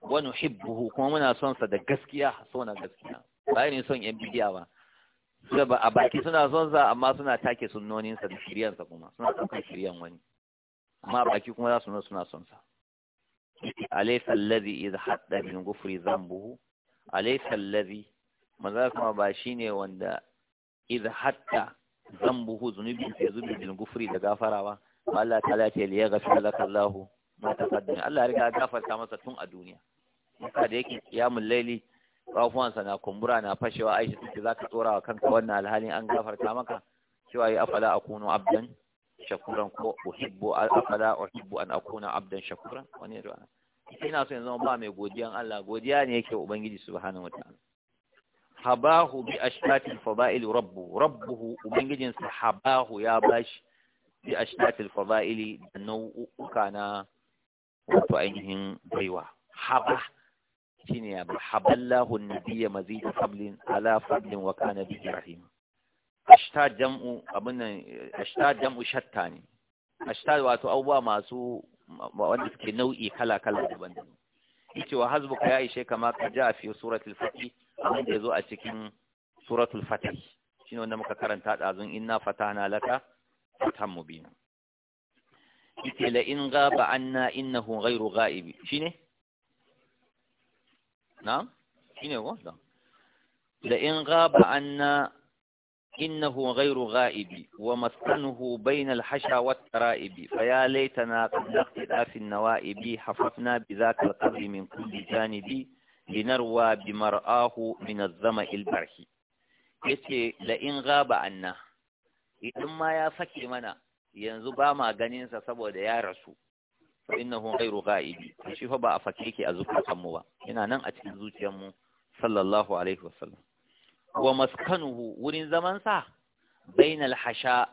Speaker 1: wani hibbuhu kuma muna son sa da gaskiya so na gaskiya ba ne son yan bidiya ba su ba a baki suna son sa amma suna take sa da sa kuma suna ɗaukar shiryan wani amma a baki kuma za su nuna suna son sa alaysa allazi idha hadda min gufri zambuhu alaysa allazi maza kuma ba shine wanda idha hadda zambuhu zunubi sai zubi bil gufri da gafarawa Allah ta ce liya gafara laka Allah ma taqaddama Allah ya riga gafarta masa tun a duniya haka da yake qiyamul laili kafuwansa na kumbura na fashewa aisha take zaka tsora wa kanka wannan alhalin an gafarta maka cewa yi afala akunu abdan shakuran ko uhibbu afala uhibbu an akuna abdan shakuran wani ruwa ina so yanzu ba mai godiyan Allah godiya ne yake ubangiji subhanahu wataala habahu bi ashtatil fadail rabbu rabbuhu ubangijin sa habahu ya bashi bi ashtatil fadaili da nau'uka na wato ainihin baiwa haba shine habballahu nabiyya mazid ala fadlin wa kana bi rahim ashta jam'u abunan ashta jam'u ne ashta wato abuwa masu wanda suke nau'i kala kala daban daban yace wa ya ishe kama ka ja fi suratul fatih abin da yazo a cikin suratul fatih shine wanda muka karanta dazun inna fatahna laka fatham mubin yace la in ghaba anna innahu ghairu shine na'am shine wanda la in ghaba anna innahu ghayru ghaibi wa maskanuhu bayna al-hasha wa at-tara'ibi fa ya laitana qad naqtida fi an-nawa'ibi hafafna bi dhaka al min kulli janibi linarwa bi mar'ahu min az-zama'i barhi yace la in ghaba anna idan ma ya sake mana yanzu ba ma ganinsa saboda ya rasu fa innahu ghairu ghaibi shi fa ba a fake yake a zukatan mu ba ina nan a cikin zuciyar mu sallallahu alaihi wasallam wa maskanuhu wurin zaman sa bainal hasha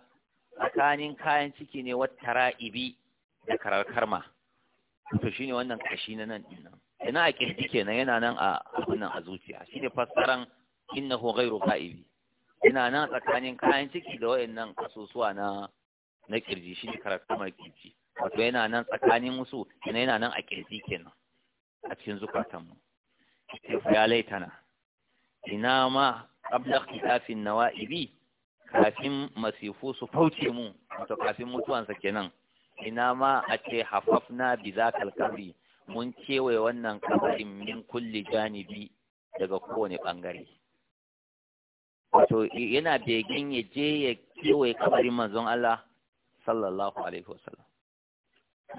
Speaker 1: tsakanin kayan ciki ne wat tara'ibi da karar karma to shine wannan kashi na nan din nan ina a kirji kenan yana nan a wannan a zuciya shine fassaran innahu ghairu ghaibi ina nan tsakanin kayan ciki da wayannan kasusuwa na na kirji shine karar karmar kirji wato yana nan tsakanin musu yana yana nan a kirji kenan a cikin zukatanmu ya laitana ina ma qabla nawa nawa'ibi kafin masifu su fauce mu wato kafin mutuwansa kenan ina ma a ce hafafna bi zakal kabri mun kewaye wannan kabarin min kulli janibi daga kowane bangare wato yana begin ya je ya kewaye kabarin manzon Allah sallallahu alaihi wasallam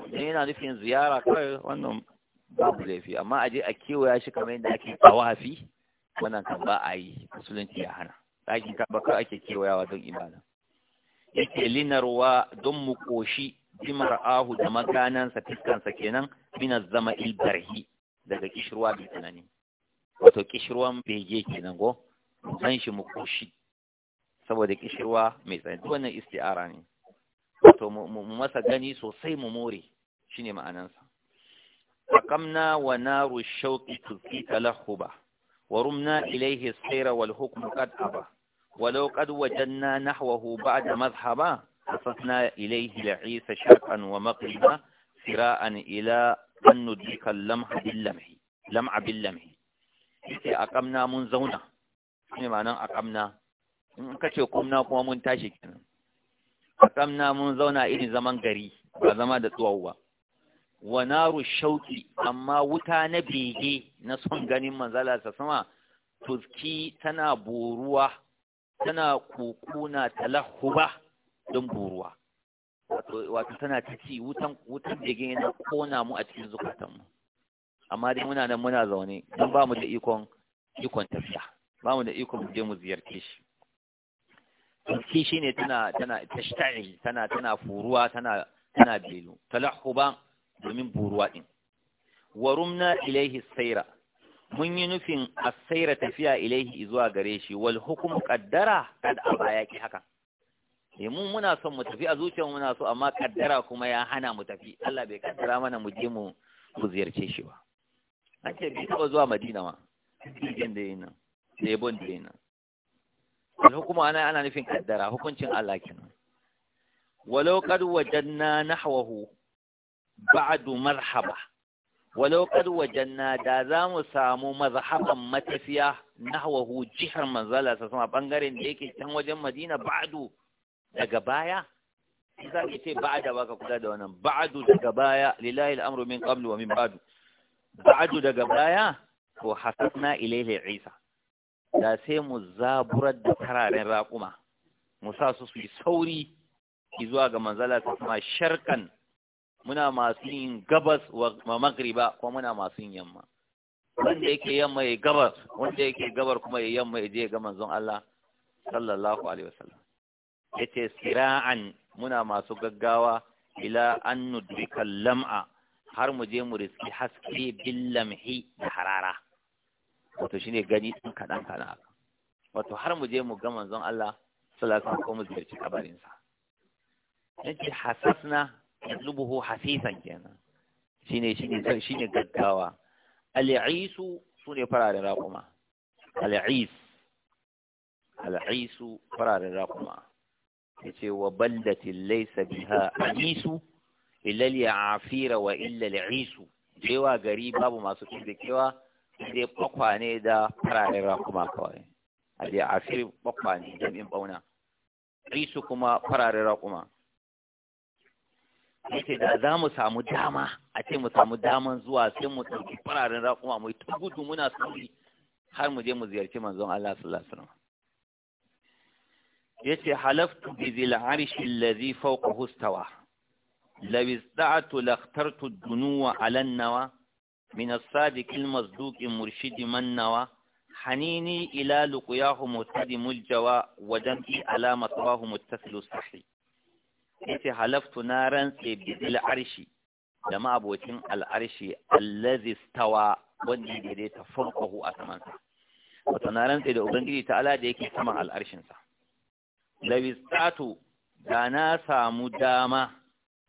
Speaker 1: idan yana nufin ziyara kawai wannan babu laifi amma aje a kewaya shi kamar yadda ake tawafi wannan kan ba a yi musulunci ya hana ɗakin kaɓa kawai ake kewayawa don ibada yake linarwa don mu koshi jimar ahu da maganansa fiskansa kenan mina zama ilbarhi daga kishirwa bai tunani wato kishirwan bege kenan go san shi mu koshi saboda kishirwa mai tsanani wannan isti'ara ne wato mu masa gani sosai mu more ne ma'anansa aqamna wa naru shauqi tufi talahuba wa rumna ilayhi as-sayra wal hukmu qad aba ولو ba? وجدنا نحوه بعد مذهبا قصصنا إليه لعيسى شرقا ومقربا سراء إلى أن ندرك اللمح باللمح لمع باللمح sai akamna mun zauna ne ma'anan akamna in ce kumna kuma mun tashi kenan fasamna mun zauna irin zaman gari ba zama da ba. wa naru shauki amma wuta na bege na son ganin manzala ta sama tuski, tana boruwa tana kukuna talahuba don boruwa wato tana ta ci wutan wutan bege yana kona mu a cikin zukatanmu amma dai muna nan muna zaune don ba mu da ikon ikon tafiya ba mu da ikon mu je mu ziyarce shi Tafki shi ne tana tana tashtari tana tana furuwa tana tana belu talahuba domin buruwa din wa rumna ilaihi sayra mun yi nufin asaira tafiya ilaihi zuwa gare shi wal hukum qaddara kad abaya yaki haka eh mun muna son mu tafi a zuciyar muna so amma kaddara kuma ya hana mu tafi Allah bai kaddara mana mu je mu mu ziyarce shi ba an ce bai taba zuwa Madina ma inda yana sai bon da yana al-hukmu ana ana nufin kaddara hukuncin Allah kenan walau qad wajanna nahwahu ba'du marhaba walau qad wajanna da za mu samu mazhaban matafiya nahwahu jihar manzala sa sama bangaren da yake can wajen Madina ba'du daga baya za ka ce ba'da ba kula da wannan ba'du daga baya lillahi al min qablu wa min ba'du ba'du daga baya to hasabna ilayhi Isa da sai mu zaburar da tararen raƙuma mu sa su su yi sauri zuwa ga manzala ta kuma sharkan muna masu yin gabas wa magriba ko muna masu yin yamma wanda yake yamma ya gabar wanda yake gabar kuma ya yamma ya je ga manzon Allah sallallahu alaihi wasallam yace sira'an muna masu gaggawa ila an nudrika lam'a har mu je mu riski haske bil lamhi da harara wato shine gani ɗan kaɗan kana wato har mu je mu ga manzon Allah sallallahu alaihi ko mu ziyarci kabarin sa yace hasasna yatlubuhu hasisan kenan shine shine shine gaggawa al-isu sune fararen raƙuma al-is al-isu fararen raƙuma yace wa baldati laysa biha anisu illa li'afira wa illa al-isu jewa gari babu masu tsirkewa sai ne da fararen rakuma kawai a je a ne kwakwane jami'in bauna risu kuma fararen rakuma ce da za mu samu dama a ce mu samu daman zuwa sai mu ɗauki fararen rakuma mu yi ta gudu muna sauri har mu je mu ziyarci manzon Allah sallallahu alaihi wasallam yace halaftu bi zil arshi allazi fawqahu istawa law ista'tu lakhtartu ad-dunuwa 'ala an-nawa من الصادق المصدوق مرشد من نوى حنيني إلى لقياه متدم الجوى ودمي على مطواه متصل الصحي إتي حلفت نارا بالعرش لما أبوتين العرش الذي استوى wanda ya daidaita farkahu a samansa wata na rantsa da ubangiji ta ala da yake saman al'arshinsa lawistatu da na samu dama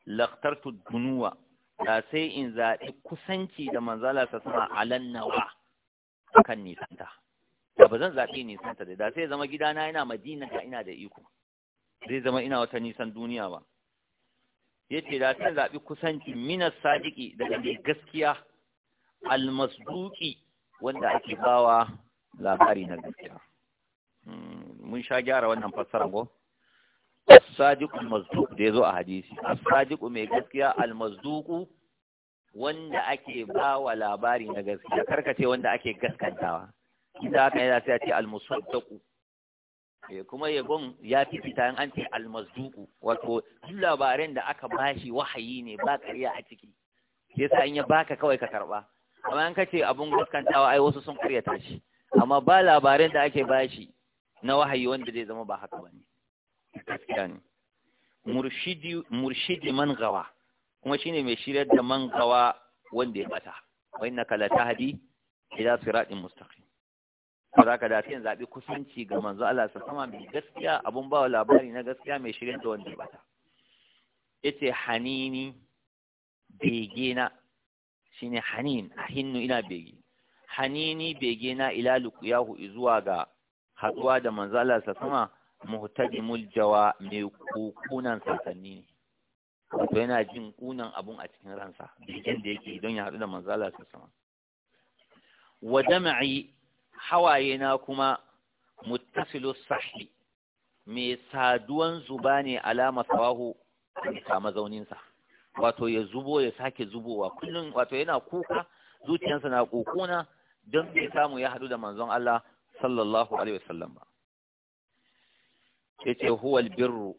Speaker 1: laktartu dunuwa da sai in zaɓi kusanci da manzala sa sama alan nawa kan nisanta da ba zan zaɓi nisanta da da sai zama gidana ina madina da ina da iko zai zama ina wata nisan duniya ba yace da sai zaɓi kusanci minas sadiki daga mai gaskiya almasduki wanda ake bawa labari na gaskiya hmm, mun sha gyara wannan fassara ko as-sadiqu al-mazduq zo a hadisi as-sadiqu mai gaskiya al wanda ake bawa labari na gaskiya karkace wanda ake gaskantawa idan haka yana sai a ce al-musaddaqu eh, kuma yabon ya fi fita an ce al wato duk labaran da aka bashi wahayi ne ba ƙarya a ciki sa in ya baka kawai ka karba amma an kace abun gaskantawa ai wasu sun karyata shi amma ba labaran da ake bashi na wahayi wanda zai zama ba haka bane gaskiya murshidi murshidi man gawa kuma shine mai shiryar da man gawa wanda ya bata wa innaka la tahdi ila siratin mustaqim saboda ka da sai zabi kusanci ga manzo Allah sa sama mai gaskiya abun ba labari na gaskiya mai shiryar da wanda ya bata yace hanini bege na, shine hanin ahinnu ina bege hanini bege na ila luqyahu zuwa ga haduwa da manzo Allah sa sama muhtadimul jawa mai kukunan sasanni ne wato yana jin kunan abun a cikin ransa bikin da yake don ya haɗu da manzala ta sama wa jama'i hawaye na kuma muttasilu sahi mai saduwan zuba ne alama sawahu a mazauninsa wato ya zubo ya sake zubowa kullum wato yana kuka zuciyarsa na kukuna don bai samu ya haɗu da manzon Allah sallallahu alaihi wasallam ba yace huwal birru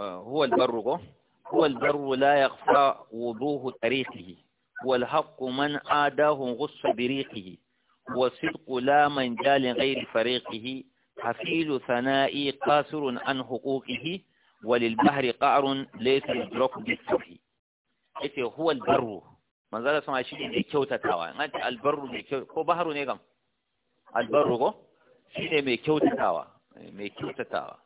Speaker 1: ah, huwal barru ko huwal barru la yakhfa wuduhu tariqihi wal haqqu man adahu ghussa biriqihi والصدق لا من جال غير فريقه حفيل ثنائي قاسر عن حقوقه وللبحر قعر ليس يدرك بالسفح yace huwa albarru manzo Allah sama shi ne kyautatawa an ce albarru ne ko bahru ne kam albarru ko shi ne mai kyautatawa Eh, mai kyautatawa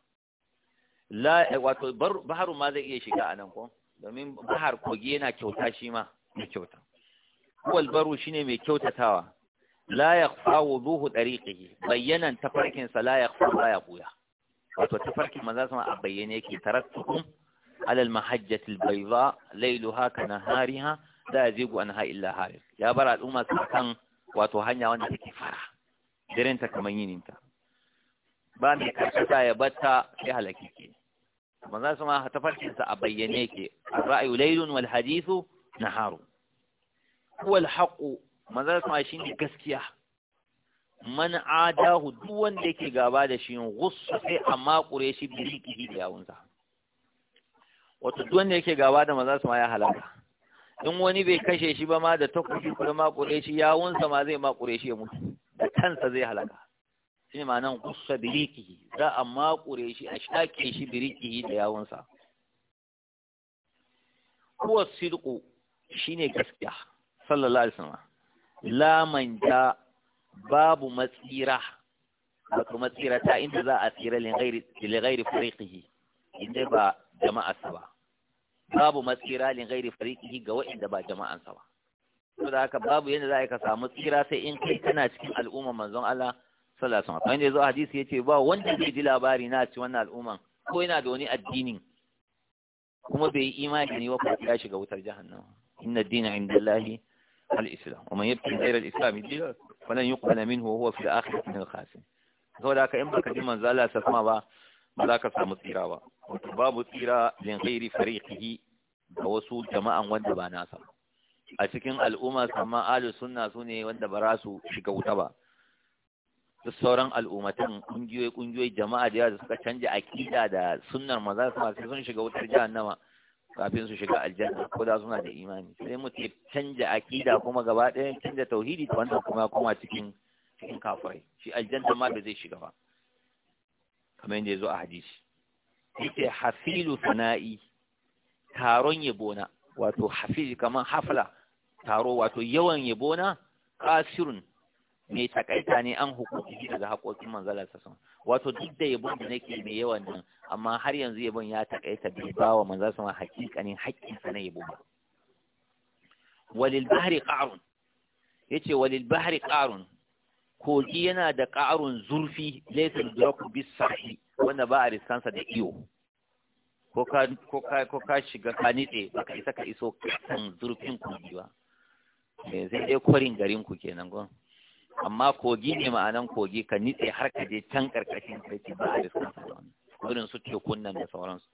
Speaker 1: eh, wato baharu ma zai iya shiga a nan ko domin bahar kogi yana kyauta shi ma mai kyauta huwal baru shine mai kyautatawa la yakhfa wuduhu dariqihi bayyanan tafarkin sa la yakhfa la yaquya wato tafarkin su sama a bayyane yake tarattukum ala al mahajjati al bayda laylaha ka nahariha la yazigu anha illa ya bar a kan wato hanya wanda take fara daren kamar kaman yininta ba mai karkata ya bata sai halaki ke manzan su ma tafarkinsa a bayyane ke a ra'ayu laylun wal hadithu naharu wal haqu manzan su ma shine gaskiya man adahu duk wanda yake gaba da shi gussu sai a makure shi biriki da yawunsa wato duk wanda yake gaba da manzan su ma ya halaka in wani bai kashe shi ba ma da takobi kuma makure shi yawunsa ma zai makure shi ya mutu da kansa zai halaka shi ma nan kusa birikihi za a makure shi a shake shi birikihi da yawunsa kuwa sidku shine gaskiya sallallahu alaihi wasallam la manja babu matsira wato matsira ta inda za a tsira li ghairi fariqihi inda ba sa ba babu matsira li ghairi fariqihi ga wa'inda ba jama'ansa ba saboda haka babu yadda za a ka samu tsira sai in kai kana cikin al'umma manzon Allah sallallahu alaihi wasallam inda hadisi yace ba wanda zai ji labari na ci wannan al'umma ko yana da wani addinin kuma bai yi imani ne ba ya shiga wutar jahannama inna dina 'inda Allahi al-islam wa man yabtaghi ghayra al-islam dinan lan yuqbala minhu wa huwa fi al-akhirati min al-khasirin saboda haka in baka ji manzo Allah kuma ba ba za ka samu tsira ba wato babu tsira lin ghairi fariqihi ga wasu jama'an wanda ba nasa a cikin al'umma sama ahlus sunna sune wanda ba rasu su shiga wuta ba da sauran al'ummatan kungiyoyi kungiyoyi jama'a da yawa da suka canja aqida da sunnar maza su sai sun shiga wutar jahannama kafin su shiga aljanna ko da suna da imani sai mu ya canja aqida kuma gaba ɗaya canja tauhidi to wannan kuma kuma cikin cikin kafirai shi aljanna ma ba zai shiga ba kamar yadda ya zo a hadisi yake hafilu sana'i taron yabona wato hafilu kamar hafla taro wato yawan yabona kasirun mai takaita ne an hukunci daga haƙoƙin manzala ta wato duk da yabon da nake mai yawan nan amma har yanzu yabon ya takaita bai ba wa manzala sama hakikanin haƙƙinsa na yabo ba walil bahri qarun yace walil bahri qarun kogi yana da ƙarun zurfi laysa yudraku bis sahi wanda ba a riskansa da iyo ko ka ko ka ko ka shiga ka nitse baka isa ka iso kan zurfin kogi ba eh, sai dai kwarin garin ku kenan gon amma kogi ne ma'anan kogi ka nitse har ka je can karkashin kai ba a riskan sa wani gurin su tekun nan da sauransu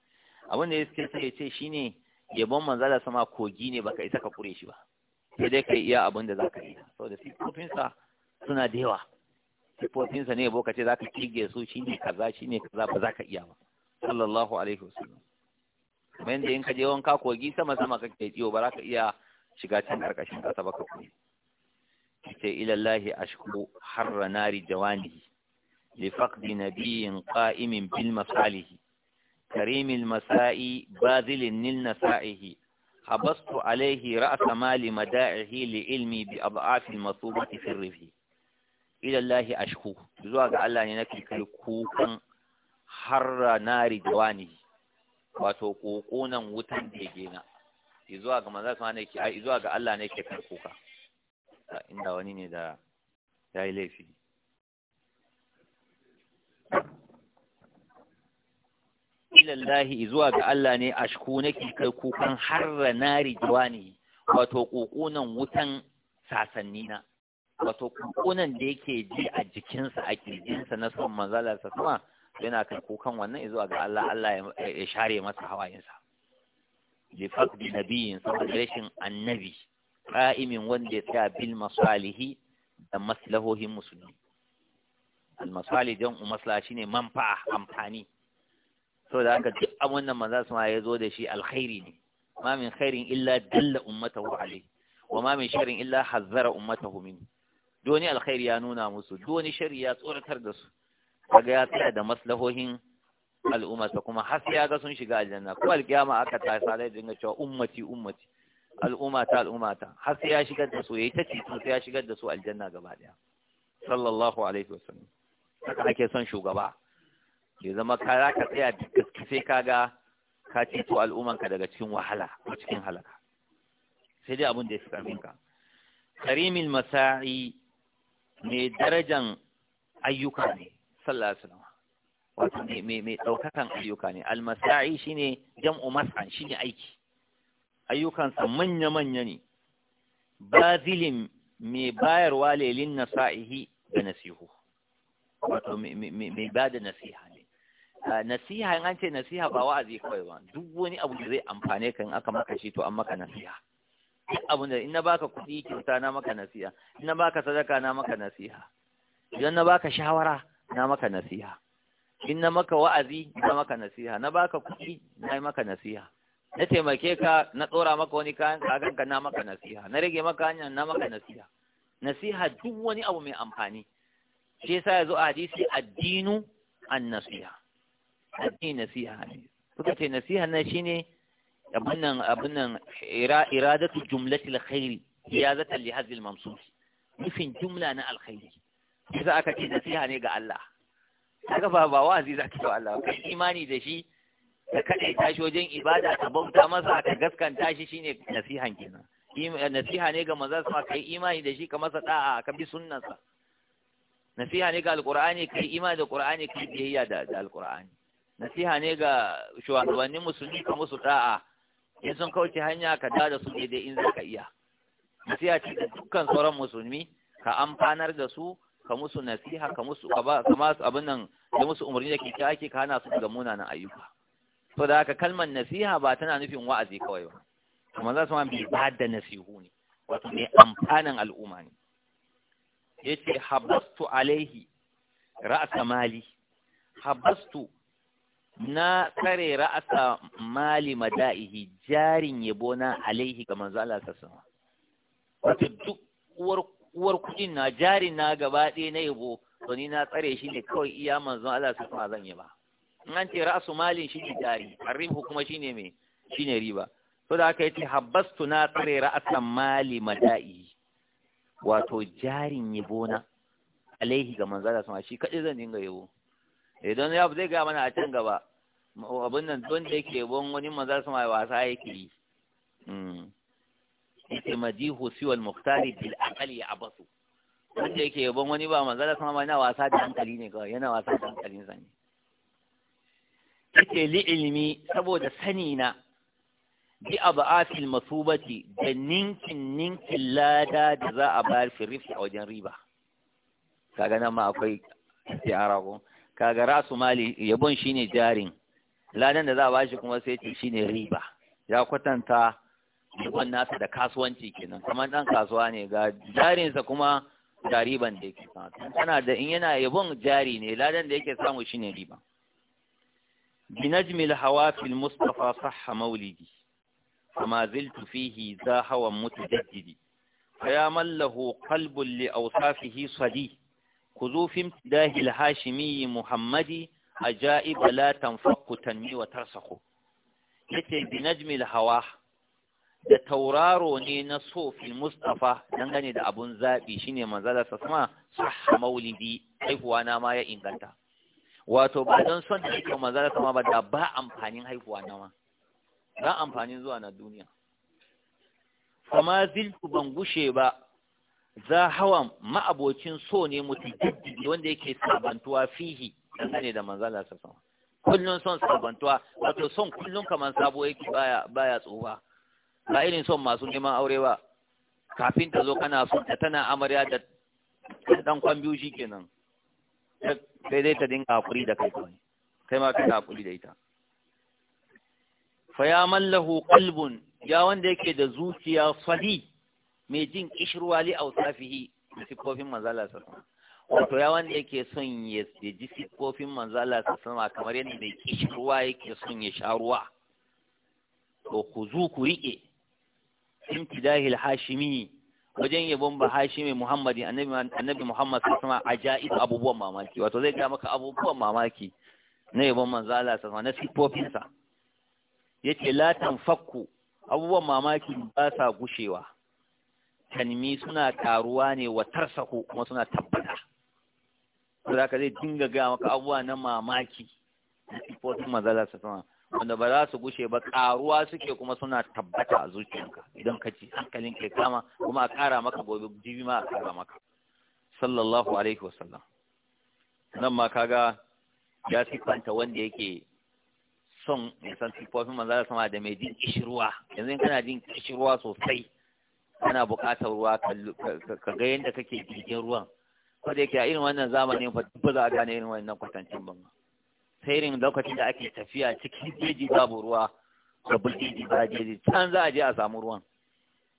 Speaker 1: abin da yake sai ya ce shine yabon da sama kogi ne baka isa ka kure shi ba sai dai kai iya abin da zaka yi saboda sifofinsa suna da yawa sifofinsa ne boka ce zaka kige su shine kaza shine kaza ba zaka iya ba sallallahu alaihi wasallam kamar yadda in ka je wanka kogi sama sama kake ciwo ba za ka iya shiga can karkashin kasa ba ka kure ce ilallahi ashku harra nari jawanihi li faqdi nabiyyin qa'imin bil masalihi karimil masa'i bazilin nil nasa'ihi habastu alaihi ra'sa mali mada'ihi li ilmi bi ad'afil masubati fi rifi ilallahi ashku zuwa ga Allah ne nake kai kukan harra nari jawanihi wato kokonan wutan begena zuwa ga manzo sallallahu alaihi zuwa ga Allah ne ke kai kuka inda wani ne da ya yi laifi ilallahi zuwa ga Allah ne ashku nake kai kukan harra nari ne, wato kukunan wutan sasanni na wato kukunan da yake ji a jikinsa a kirjinsa na son manzala sa sama yana kai kukan wannan zuwa ga Allah Allah ya share masa hawayensa li faqdi nabiyin saboda rashin annabi qa'imin wanda ya tsaya bil masalihi da maslahohin musulmi al masalih dan maslaha shine manfa'a amfani to da aka duk abun maza su ma ya zo da shi alkhairi ne ma min khairin illa dalla ummatahu alayhi wa ma min sharrin illa hazzara ummatahu min doni alkhairi ya nuna musu doni sharri ya tsoratar da su kaga ya tsaya da maslahohin al'ummata kuma har sai ya ga sun shiga aljanna ko alkiyama aka ta sai dinga cewa ummati ummati al'ummata al'ummata har sai ya shigar da su yayi ta ceto sai ya shigar da su aljanna gaba daya sallallahu alaihi wasallam haka ake son shugaba ya zama ka ka tsaya gaske sai ka ga ka ceto al'ummanka daga cikin wahala ko cikin halaka sai dai abin da ya fi karfin ka karimin masa'i mai darajan ayyuka ne sallallahu alaihi wasallam wato mai ɗaukakan ayyuka ne al-masa'i shine jam'u mas'an shine aiki ayyukansa manya-manya ne bazilin mai bayarwa lelin sa’ihi da nasihu wato mai ba da nasiha ne nasiha in an ce nasiha ba wa'azi kawai ba duk wani abu da zai amfane ka in aka maka shi to an maka nasiha abin da in na baka kuɗi kyauta na maka nasiha in na baka sadaka na maka nasiha idan na baka shawara na maka nasiha in na maka wa'azi na maka nasiha na baka kuɗi na maka nasiha na taimake ka na tsora maka wani kayan kagan ka na maka nasiha na rage maka hanyar na maka nasiha nasiha duk wani abu mai amfani shi ya zo a hadisi addinu an nasiha addini nasiha ne suka ce nasiha na ne abin nan abin nan iradatu jumlatil alkhairi iyazatan li hadhihi al nufin jumla na alkhairi yasa aka ce nasiha ne ga Allah kaga ba ba wa'azi zaka yi Allah kai imani da shi da kaɗai tashi wajen ibada ta bauta masa ta gaskanta shi shine nasihan kenan nasiha ne ga maza sama kai imani da shi ka masa da'a ka bi sunnansa nasiha ne ga alqur'ani kai imani da qur'ani kai biyayya da alqur'ani nasiha ne ga shugabannin musulmi ka musu da'a in sun kauce hanya ka da da su daidai in zaka iya nasiha ce ga dukkan sauran musulmi ka amfanar da su ka musu nasiha ka musu ka ba su masu abin nan da musu umarni da kike ake ka hana su daga munanan ayyuka so da haka kalmar nasiha ba tana nufin wa'azi kawai ba kuma za su ma mai ba da nasihu ne wato mai amfanin al'umma ne Ya ce habastu alaihi ra'asa mali habastu na kare ra'asa mali mada'ihi jarin yabo na alaihi ga manzo Allah sallallahu wato duk uwar uwar kudin na jarin na gaba ɗaya na yabo to ni na tsare shi ne kawai iya manzo Allah sallallahu alaihi wasallam zan yi ba an ce ra'asu malin shi ne jari arribu kuma shine me shine riba to da aka yace habbastu na tsare ra'asan mali mada'i wato jarin yabona alaihi ga manzara sama shi kaɗai zan dinga yabo idan ya zai ga mana a can gaba abin nan don da yake yabon wani manzara sama wasa yake yi hmm. yake madihu siwal muktari bil aqali abasu wanda yake yabon wani ba manzara sama yana wasa da hankali ne kawai yana wasa da hankalin sa ne yake li ilmi saboda sani na bi ab'asil masubati da ninkin ninkin lada da za a bayar firif a wajen riba kaga nan ma akwai tiara ko kaga rasu mali yabon shi ne jarin ladan da za a shi kuma sai ce shi ne riba ya kwatanta yabon nasa da kasuwanci kenan kamar dan kasuwa ne ga jarinsa kuma da riban da yake kana da in yana yabon jari ne ladan da yake samu shi ne riba بنجم الهوى في المصطفى صح مولدي فما زلت فيه ذا هوى متجدد فيا من له قلب لأوصافه صدي خذوا في امتداه الهاشمي محمد عجائب لا تنفق تنمي وترسخ yace binajmil hawa da tauraro ne na sofin Mustapha dangane da abun zaɓi shine manzala sasma sahha maulidi haihuwa na ma ya inganta wato ba don son da yake da sama ba da ba amfanin haihuwa na ma ba amfanin zuwa na duniya kuma zilku ban gushe ba za hawan ma'abocin so ne mutum wanda yake sabantuwa fihi dangane da maza manzala sama kullum son sabantuwa wato son kullum kamar sabo yake baya baya tsufa ba irin son masu neman aure ba kafin ta zo kana son ta tana amarya da dan kwan shikenan sai dai ta dinga hakuri da kai kawai kai ma kai hakuri da ita fa ya mallahu qalbun ya wanda yake da zuciya sali mai jin kishruwa li awsafihi sifofin manzala sallallahu wato ya wanda yake son ya ji sifofin manzala sallallahu kamar yadda mai kishruwa yake son ya sha ruwa to ku zu ku rike imtidahil hashimi wajen yabon bahashi mai muhammadi annabi muhammad sassama a ja'id abubuwan mamaki wato zai ga maka abubuwan mamaki na yabon manzala sassama na siffofinsa ya ce latan fakku abubuwan mamaki ba sa gushewa tanmi suna karuwa ne wa tarsaku kuma suna tabbata ko za ka zai dinga ga maka abubuwa na mamaki na siffofin manzala sassama wanda ba za su gushe ba ƙaruwa suke kuma suna tabbata a zuciyanka idan ka ci hankalin kai kama kuma a ƙara maka gobe jibi ma a ƙara maka sallallahu alaihi wasallam nan ma kaga ya siffanta wanda yake son ya san siffofin manzara sama da mai jin kishirwa yanzu in kana jin kishirwa sosai kana buƙatar ruwa ka ga yadda kake jirgin ruwan ko da yake a irin wannan zamanin fa ba za a gane irin wannan kwatancin sairin lokacin da ake tafiya cikin jeji babu ruwa da buljeji ba jeji can za a je a samu ruwan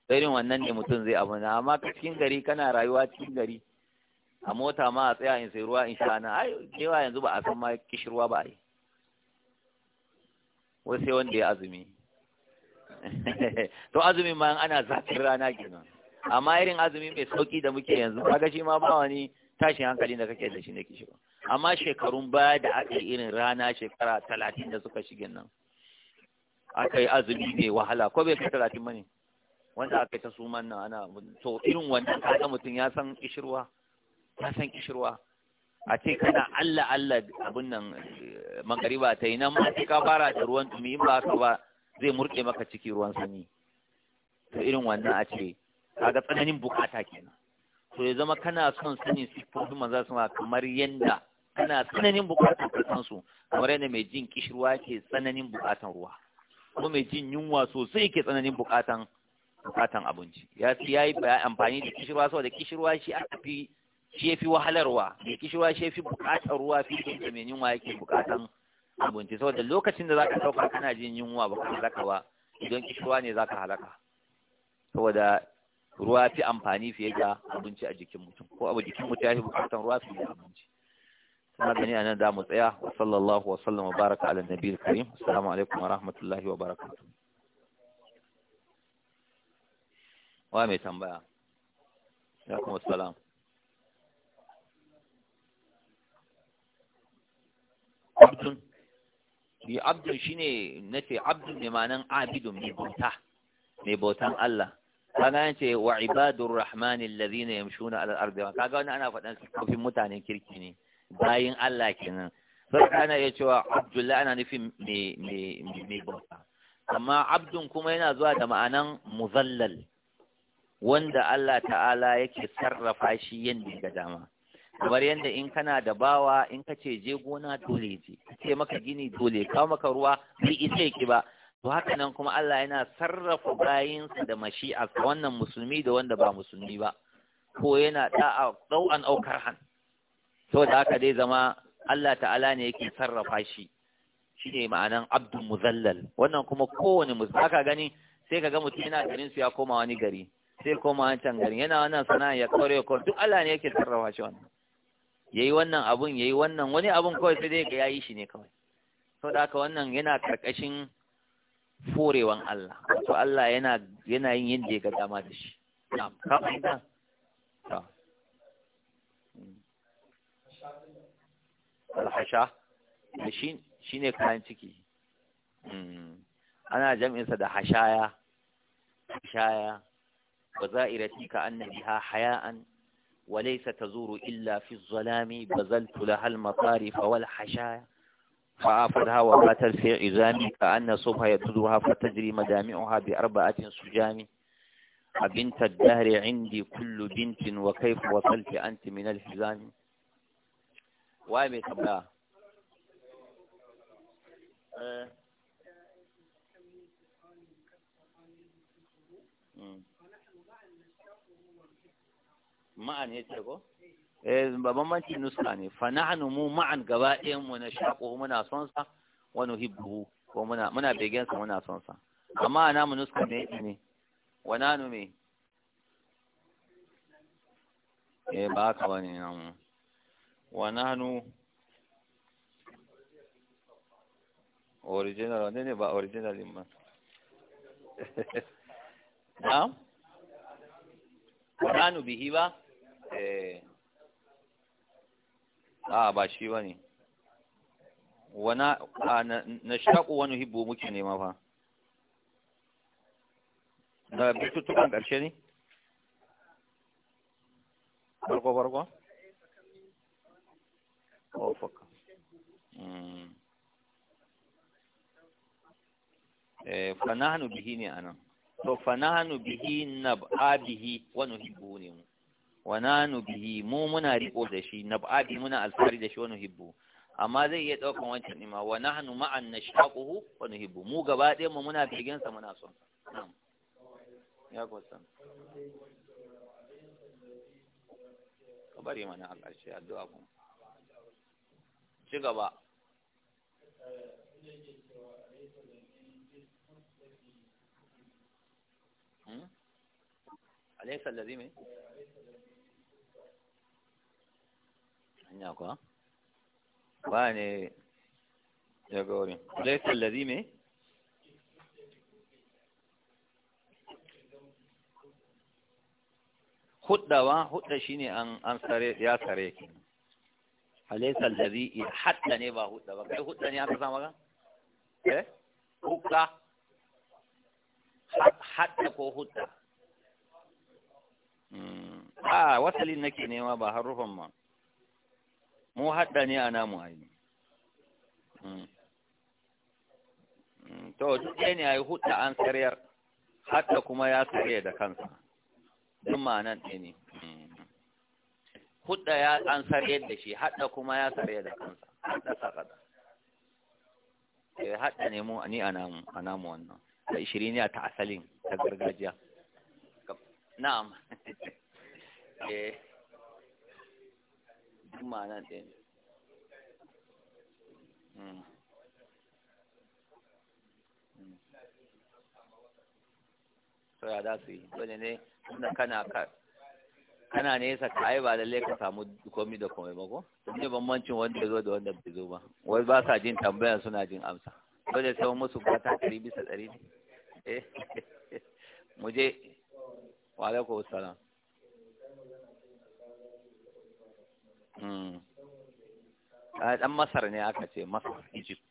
Speaker 1: sairin wannan ne mutum zai abu na amma cikin gari kana rayuwa cikin gari a mota ma a tsaya in sai ruwa in sha na ai cewa yanzu ba a san ma kishirwa ba yi wai sai wanda ya azumi to azumin ma ana zafin rana kenan amma irin azumi mai sauki da muke yanzu kaga shi ma ba wani tashin hankali da kake da shi na kishirwa amma shekarun baya da aka yi irin rana shekara talatin da suka shige nan aka yi azumi ne wahala ko bai kai talatin ba ne wanda aka yi ta suman nan ana to irin wannan kaga mutum ya san kishirwa ya san kishirwa a ce kana Allah Allah abin nan magariba ta yi nan ma sai ka fara da ruwan dumi in ba ka ba zai murke maka ciki ruwan sanyi to irin wannan a ce kaga tsananin bukata kenan to ya zama kana son sanin za su ma kamar yanda suna tsananin bukatar kasansu kamar yadda mai jin kishirwa ke tsananin bukatan ruwa kuma mai jin yunwa sosai ke tsananin bukatan bukatan abinci ya fi ya yi amfani da kishirwa saboda kishirwa shi aka fi shi ya fi wahalarwa mai kishirwa shi ya fi bukatar ruwa fi da mai yunwa yake bukatan abinci saboda lokacin da za ka ɗauka kana jin yunwa ba ka halaka ba idan kishirwa ne za ka halaka saboda ruwa fi amfani fiye da abinci a jikin mutum ko abu jikin mutum ya fi bukatan ruwa fiye da abinci na gani a nan damu tsaya wa sallallahu wa sallama baraka ala nabi karim assalamu alaikum wa rahmatullahi wa barakatuh wa mai tambaya ya kuma salam abdun bi abdun shine nace abdun ne manan abidun bi bauta mai bautan Allah kaga yace wa ibadur rahmanil ladina yamshuna ala al-ardi kaga wannan ana faɗan sifofin mutanen kirki ne bayin Allah kenan sai ana iya cewa abdullahi ana nufin mai me me bauta amma abdun kuma yana zuwa da ma'anan muzallal wanda Allah ta'ala yake sarrafa shi yadda ga dama kamar yadda in kana da bawa in ka ce je gona dole je ce maka gini dole kawo maka ruwa bai isa ki ba to haka nan kuma Allah yana sarrafa bayinsa da mashi'a wannan musulmi da wanda ba musulmi ba ko yana da'a dau'an aukar han da haka dai zama Allah ta'ala ne yake sarrafa shi shi ne ma'anan abdul muzallal wannan kuma kowane musaka gani sai ka ga mutum yana garin su ya koma wani gari sai koma wani can gari yana wannan sana'a ya kore ko duk Allah ne yake sarrafa shi wannan yayi wannan abun yayi wannan wani abun kawai sai dai ga yayi shi ne kawai da haka wannan yana karkashin forewan Allah to Allah yana yana yin yadda ya ga dama da shi na'am ka fahimta alhasha kayan ciki hmm. ana jam'insa da hashaya hashaya ba za a ka annabi ha haya'an walai sa ta zuru illa fi zalami ba zaltula hal matsari fawal hashaya fa'afar hawa matar fi zami ka anna sofa ya tudu hafa ta jiri madami'u ha bi arba'atin su jami abin ta dahari indi kullu bintin wa kaifu wasalti anti min al waye mai come eh. down? Hmm. ma'an ya ce ko? eh bambanci nuska ne fa hannu mu ma'an gaba ɗayan mu na shaƙo muna son sa wa ko muna muna begen sa muna son sa amma ana mu nuska ne ne wana nanu me eh ba ka bane namu ونحن اوريجينال ba original din ba na'am bihi ba eh ah, ba shi bane wana nashtaqu wa nuhibbu ne ma fa da bitu tukan karshe ne farko farko موفق فنحن mm. eh, bihi ne a تو to به bihi nab'a bihi wa ne mu wa bihi mu muna riko da shi nab'a muna da shi amma zai iya ɗaukan wancan nima wa nahnu ma'an nashaquhu wa nuhibbu mu gaba ɗaya mu muna begen sa muna son ci gaba hmm? alaisa lalazi mai hanya kuwa ba ne daga wurin alaisa lalazi mai hudda ba hudda shi ne an sare ya sare kenan alaysa iya hatta ne ba hudda ba kai hudda ne aka samu ga eh hudda hatta ko hudda a wasalin nake nema ba harufan ma mu hadda ne a namu haini to duk ne yi hudda an tsariyar hatta kuma ya tsariya da kansa duk nan ɗaya ne hudda ya an sarye da shi hadda kuma ya sarye da kansa hadda sakata eh hadda ne mu ni a namu wannan da ishirin ta asalin ta gargajiya na'am eh kuma nan din so ya da su yi dole ne tunda kana kana nesa ka ai ba lalle ka samu komai da komai ba ko ne bambancin wanda ya zo da wanda bai zo ba wai ba sa jin tambaya suna jin amsa dole sai musu bata ɗari bisa ɗari ne eh mu je wa alaikum salam dan hmm. ah, masar ne aka ce masar egypt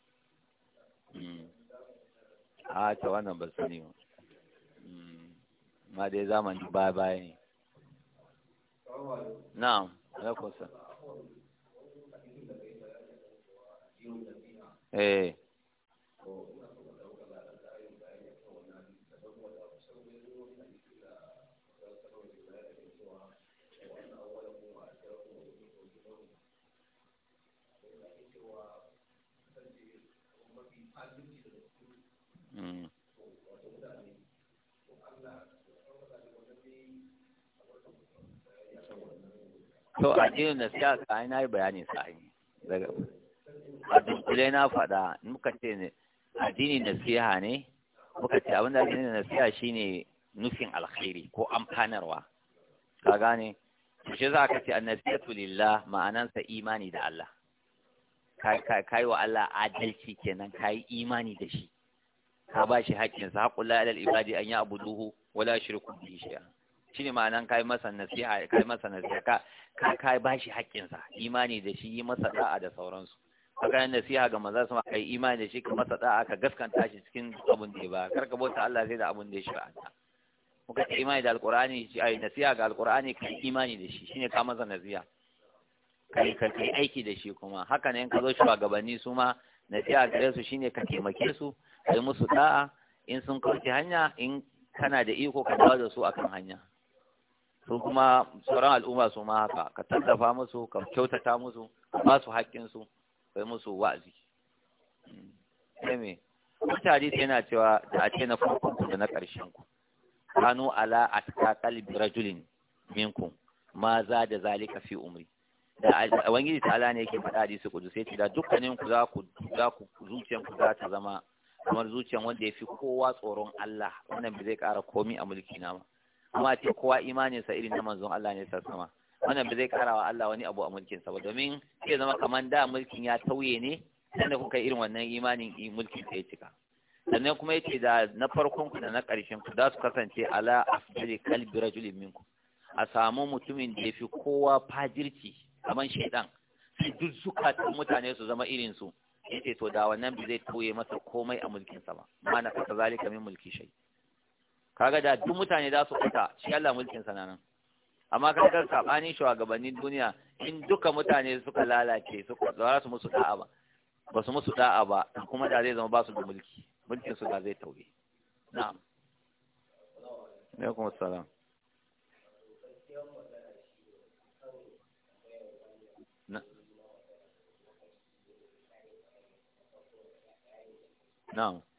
Speaker 1: hmm. a ah, ta wannan ba sani ba hmm. ma dai zamani ba baya ne na'am alaikum salam eh to addinin nasiha ka kai na yi bayanin sa daga a dunkule na faɗa muka ce ne addinin nasiha ne muka ce abin da siya nasiha shine nufin alkhairi ko amfanarwa ka gane shi za ka ce annasiyatu lillah ma'anansa imani da Allah kai wa Allah adalci kenan kai imani da shi ka ba shi haƙƙinsa haƙƙun la'alal ibadi an abu abuduhu wala shirku bihi ne ma'anan kai masa nasiha kai masa nasiha ka ka kai bashi haƙƙin sa imani da shi yi masa da'a da sauransu kaga nan nasiha ga maza su kai imani da shi ka masa da'a ka gaskanta shi cikin abun da ya ba kar ka bauta Allah sai da abun da ya ba muka ce imani da alqur'ani shi ai nasiha ga alqur'ani ka imani da shi shine ka masa nasiha kai ka kai aiki da shi kuma haka ne in ka zo shugabanni su ma nasiha gare su shine ka taimake su kai musu da'a in sun kauce hanya in kana da iko ka ba da su akan hanya su kuma sauran al'umma su ma haka ka tallafa musu ka kyautata musu ba su haƙƙin su kai musu wa'azi hmm. sai me mutane yana cewa da a ce na farkon ku da na ƙarshen ku kanu ala atka qalbi rajulin minkum ma za da zalika fi umri da wangiji ta'ala ne yake faɗa disu, ku sai ce da dukkanin ku za ku za zuciyan ku za ta zama kamar zuciyan wanda ya fi kowa tsoron Allah wannan bai zai ƙara komi a mulki na ba amma ce kowa imaninsa irin na manzon Allah ne sa sama wannan ba zai kara wa Allah wani abu a mulkinsa ba domin zai zama kaman da mulkin ya tauye ne da kuka irin wannan imanin mulkin ya cika sannan kuma yace da na farkon ku da na karshen ku za su kasance ala afdali kalbi rajulin minku a samu mutumin da yafi kowa fajirci kamar sai duk ta mutane su zama irin su yace to da wannan ba zai tauye masa komai a mulkinsa ba ma na kasa zalika min mulki shai kaga da duk mutane za su kuta shi Allah mulkin sa nan amma kan ka sabanin shugabannin duniya in duka mutane suka lalace su za su musu da'a ba ba su musu da'a ba kuma da zai zama ba su da mulki mulkin su da zai taube na'am kuma assalam na'am